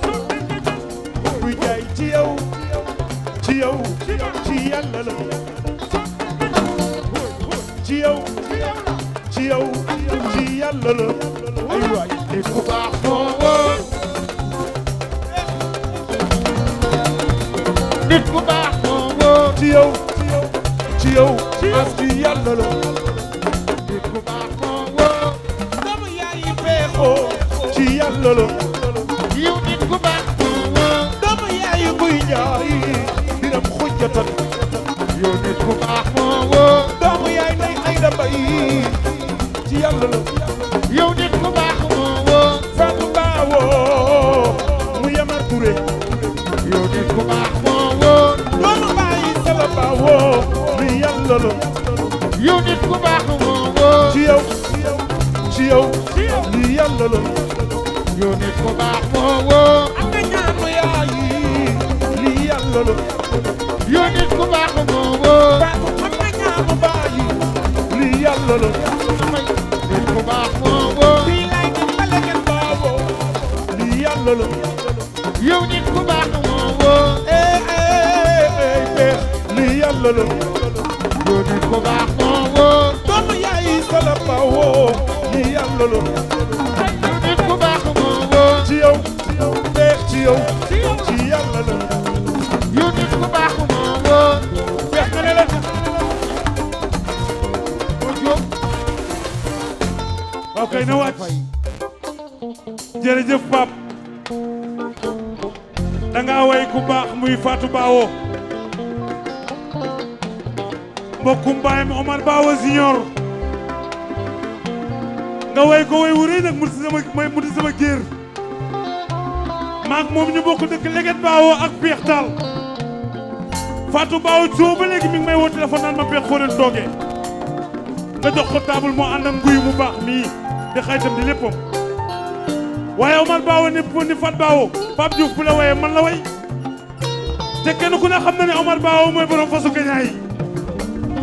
Speaker 1: Daoud Sow ba léegi mi ngi may woo téléphone naan ma peex foo leen toogee nga jox ko table moo ànd ak nguy mu baax waaye Omar Bawo ni ni Fat Bawo Pape Diouf bu man la way te kenn ku ne xam na ne Omar Bawo mooy borom fasu gañaay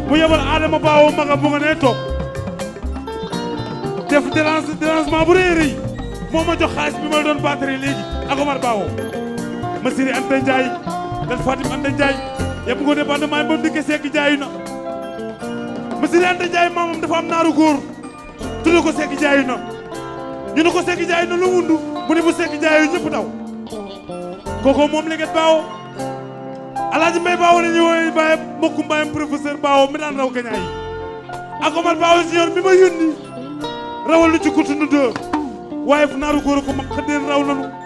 Speaker 1: mu yebal Adama Bawo maga bu nga nee def dérange dérangement bu rëy moo ma jox xaalis bi ma doon batterie léegi ak Omar Bawo Masiri Anta Ndiaye dan Fatim Anta Ndiaye yëpp ko département yi ba mu dikkee Seck jaayu na monsieur Anta Ndiaye maamam dafa am naaru góor tudd ko Seck jaayu na ñu ne ko Seck jaayu mu ne bu Seck jaayu ñëpp daw moom léegi baaw alaaji mbay baaw la ñuy woowee Baye mbokku mbayam professeur mi daan raw gañaay yi ak Omar baaw mi ma rawal lu ci kurtu waaye fu naaru ko mag raw nanu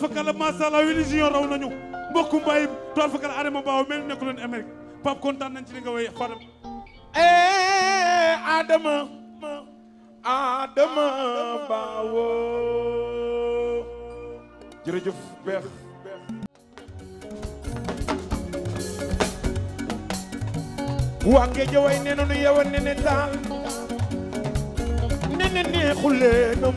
Speaker 1: fakala macha allah eh, way nee nañu yow a nene taal nene neexu leenam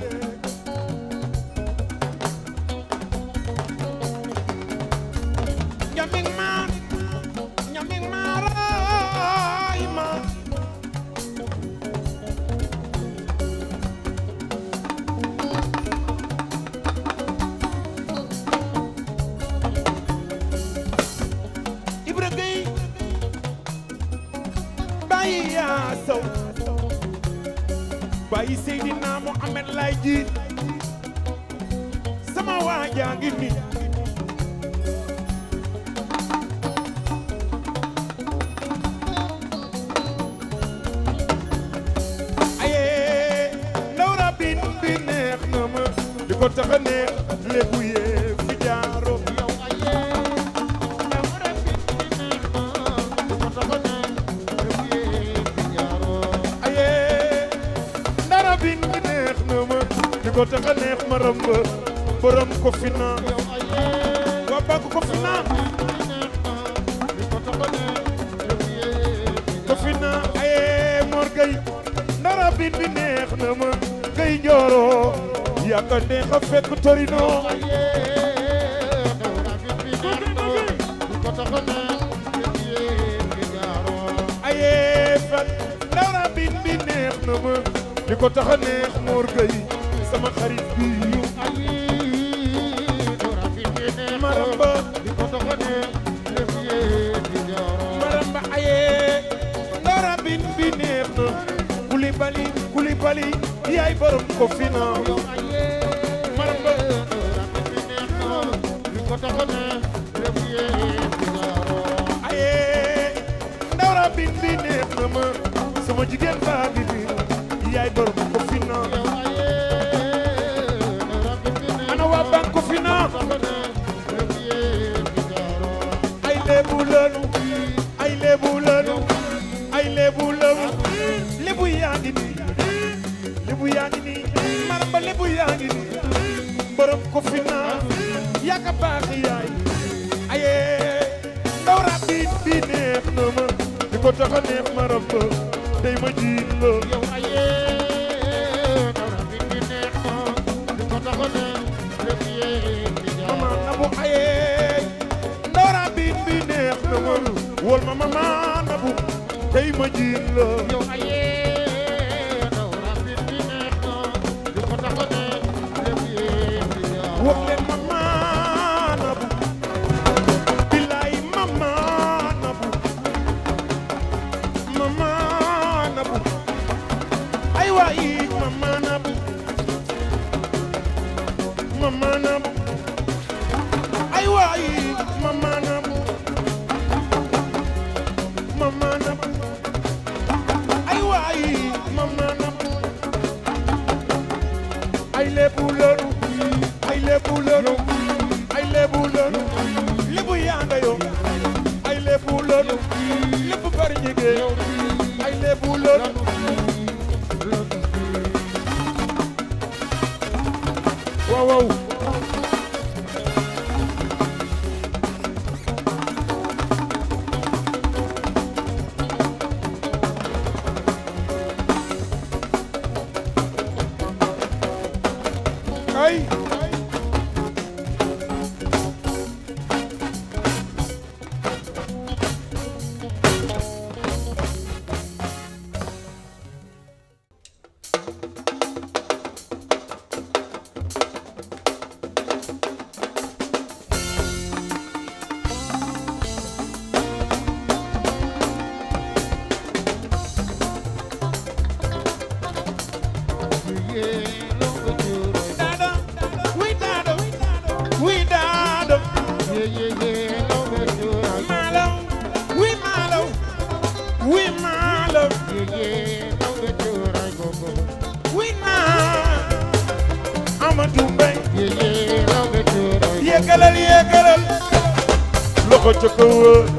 Speaker 1: ko fina wa banque ko fina ko fina aye Mor Gueye ndara bin bi neex na ma Gueye Njoro yaka neex a fekk Torino aye fan ndara bi neex na ko tax a neex Mor sama xarit bi yaay borom ko fi na maram ba li ko bi neex na ma sama jigéen baax yaay aye ndaw rabit bi neex na ma di ko tax a neex ma rab day ma jiin la yow aye ndaw rabit bi neex na di ko tax a neex rek yéen di jaay mama na bu aye ndaw rabit bi neex na ma wol ma mama na bu day ma jiin la yow aye Agochokowo.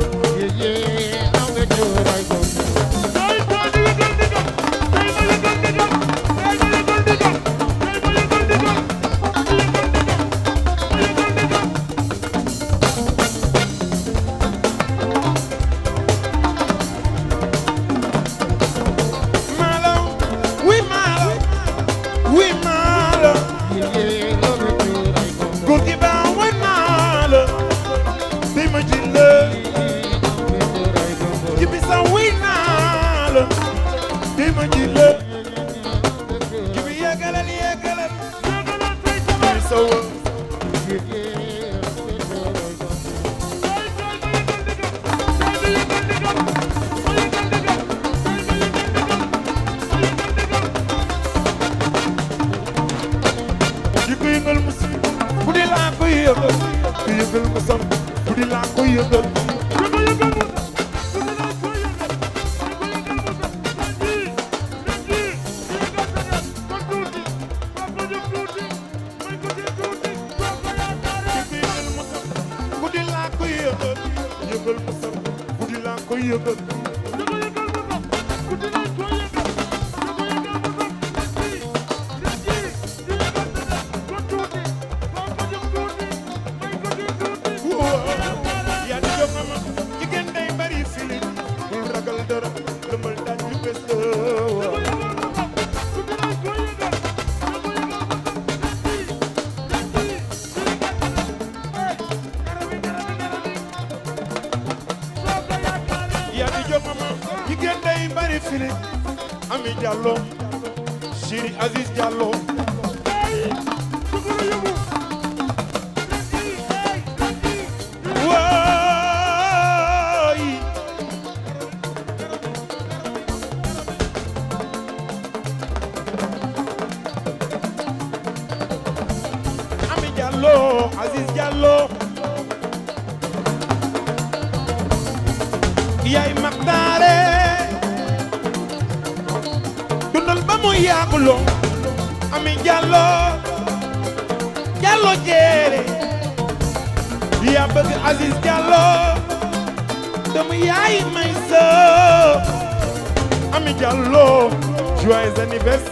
Speaker 1: anniversary.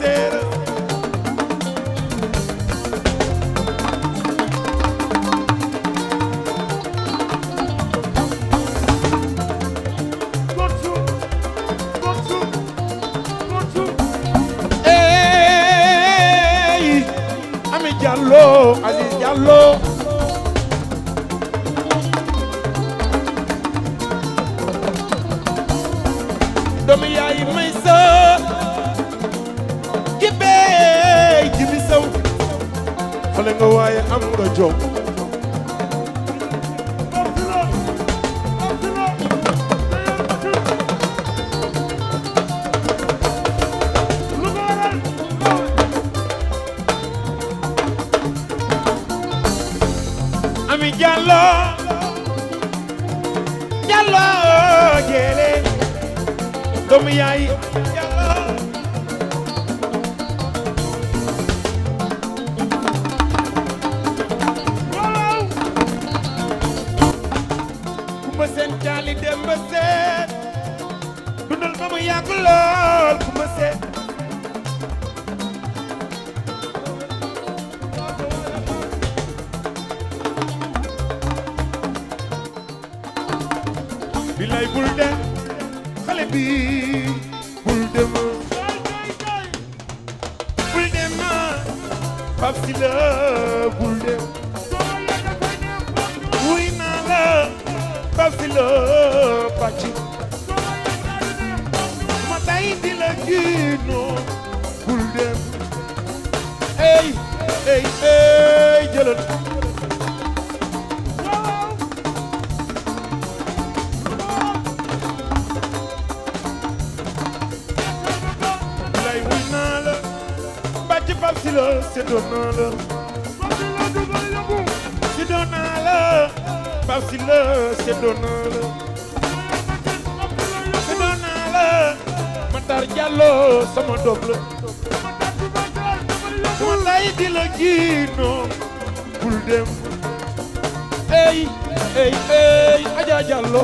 Speaker 1: si la seddoo la seddoo naa la Matar Diallo sama doom la sama lay di la giinoo bul dem ey ey ey Adja Diallo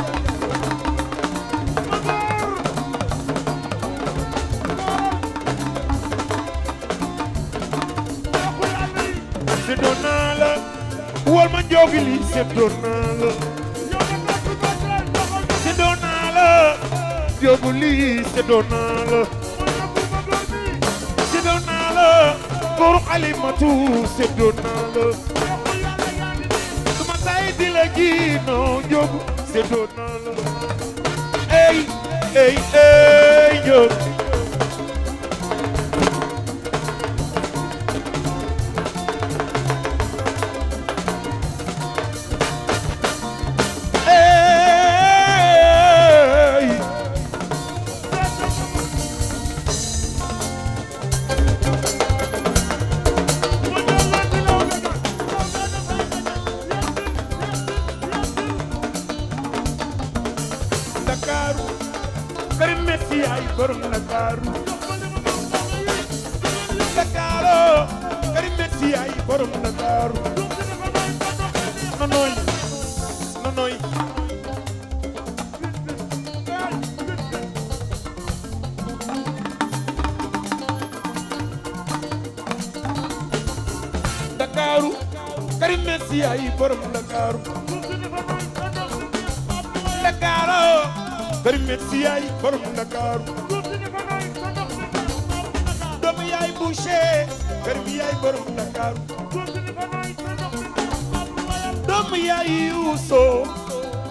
Speaker 1: seddoo naa la wal ma njoogili seddoo jóobu lii séddoo naa la séddoo naa la góor alimatu séddoo naa la duma tay di la ji noo jóobu séddoo naa ey ey ey jóobu si yaay borom Dakar doomu yaay boucher kër bi yaay borom Dakar doomu yaay yuuso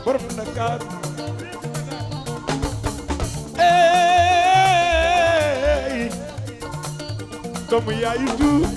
Speaker 1: borom Dakar eey doomu yaay du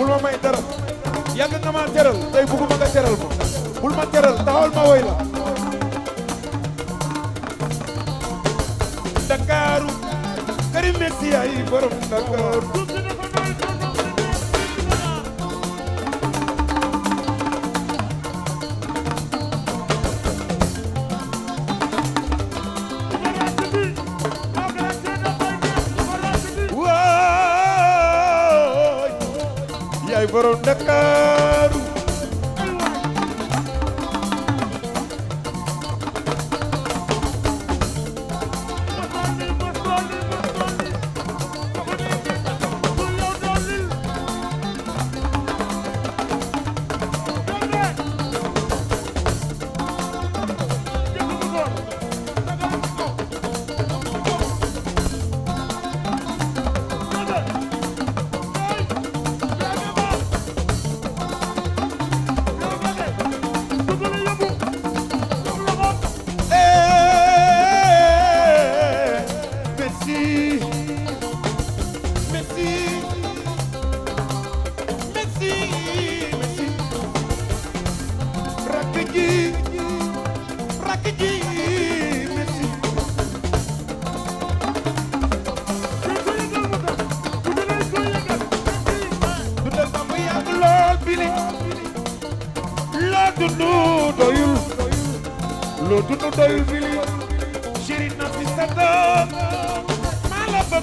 Speaker 1: bul ma may dara yàgg nga ma teral tey bëgguma nga teral ma bul ma teral taxawal ma woy la Karim Messi ay borom Dakaru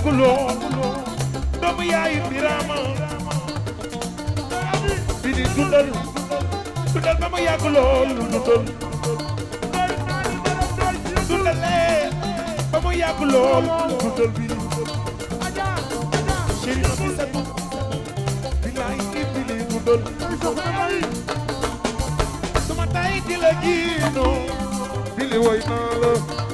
Speaker 1: Kuloo doomu yaayu Birama bi di dundal dundal ba mu yàgg lool lu doon dundalee ba mu yàgg lool dundal bi Serigne Abdou bilaay bi di dundal suma tay di la jiino bi li
Speaker 2: woy naa la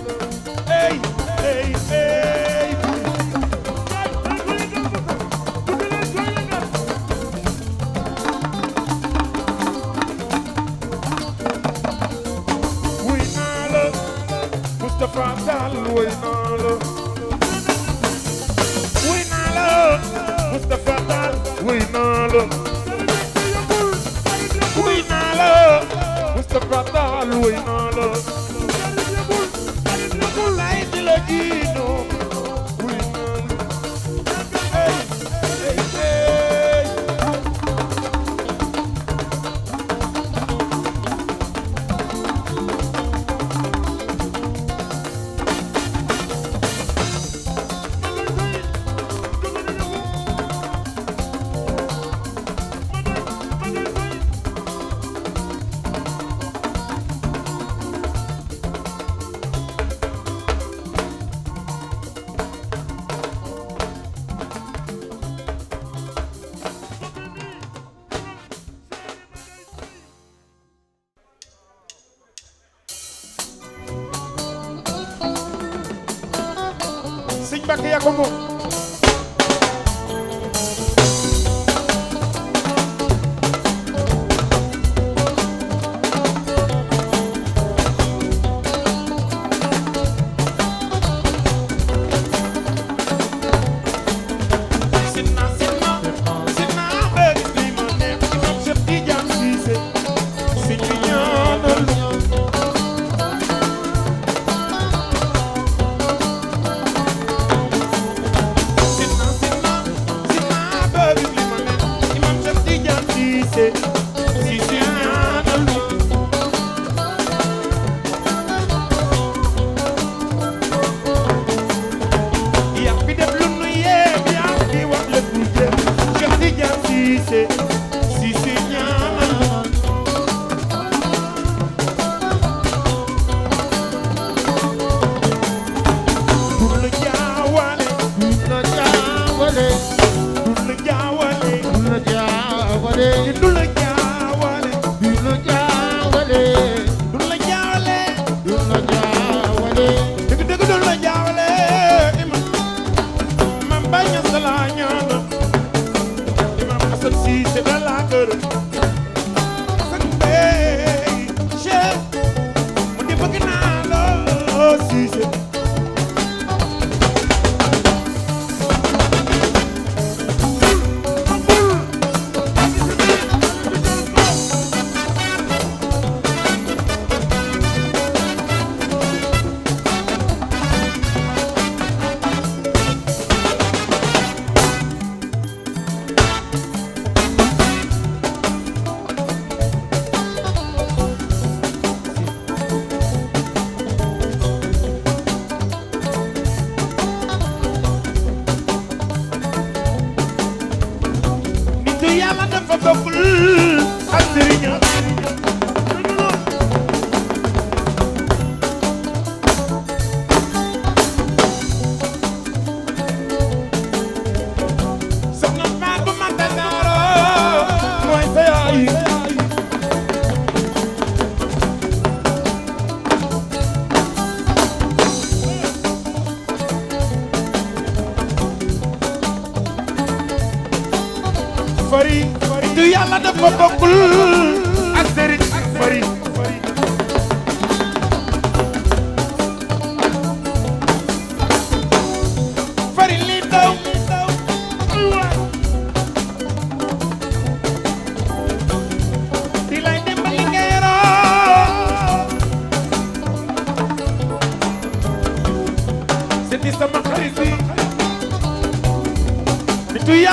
Speaker 1: Halloween.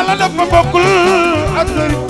Speaker 1: yàlla dafa bokkul ak sëriñ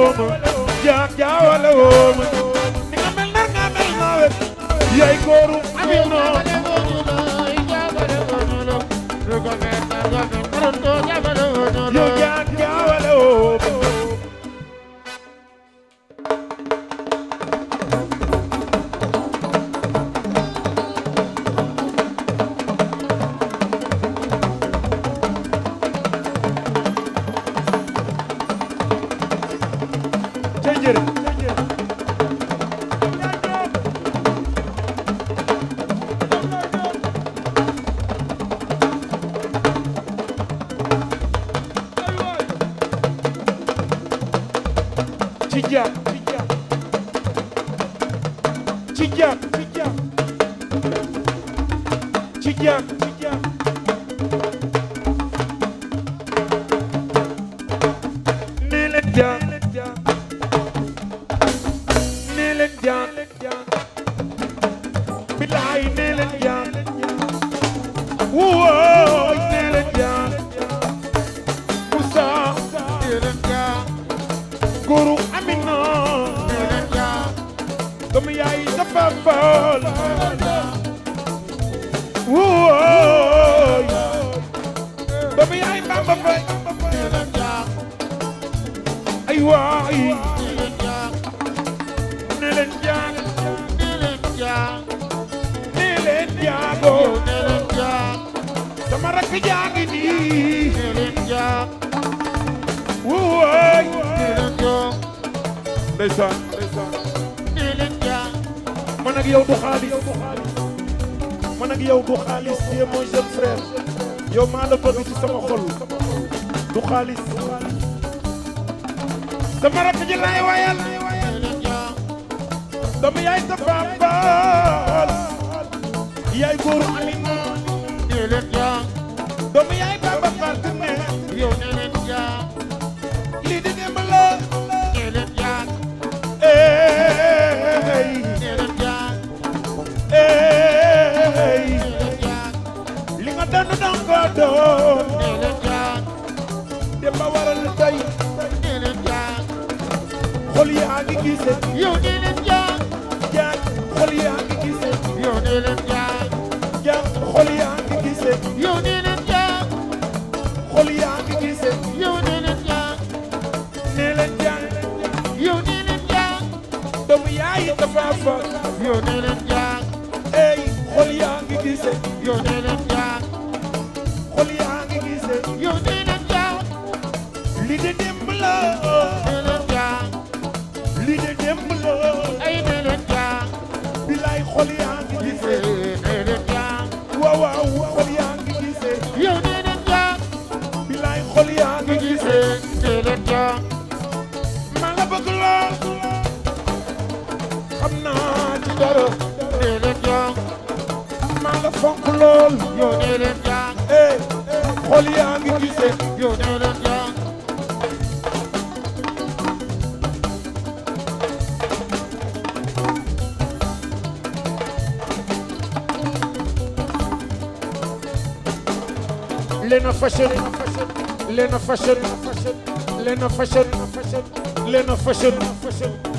Speaker 1: woo ma jaak jaawale woo
Speaker 2: ma ni nga mel nar nga mel naa wet yaay góoru Amina
Speaker 1: yow jaak fashion, Lena fashion, Lena fashion, Lena fashion.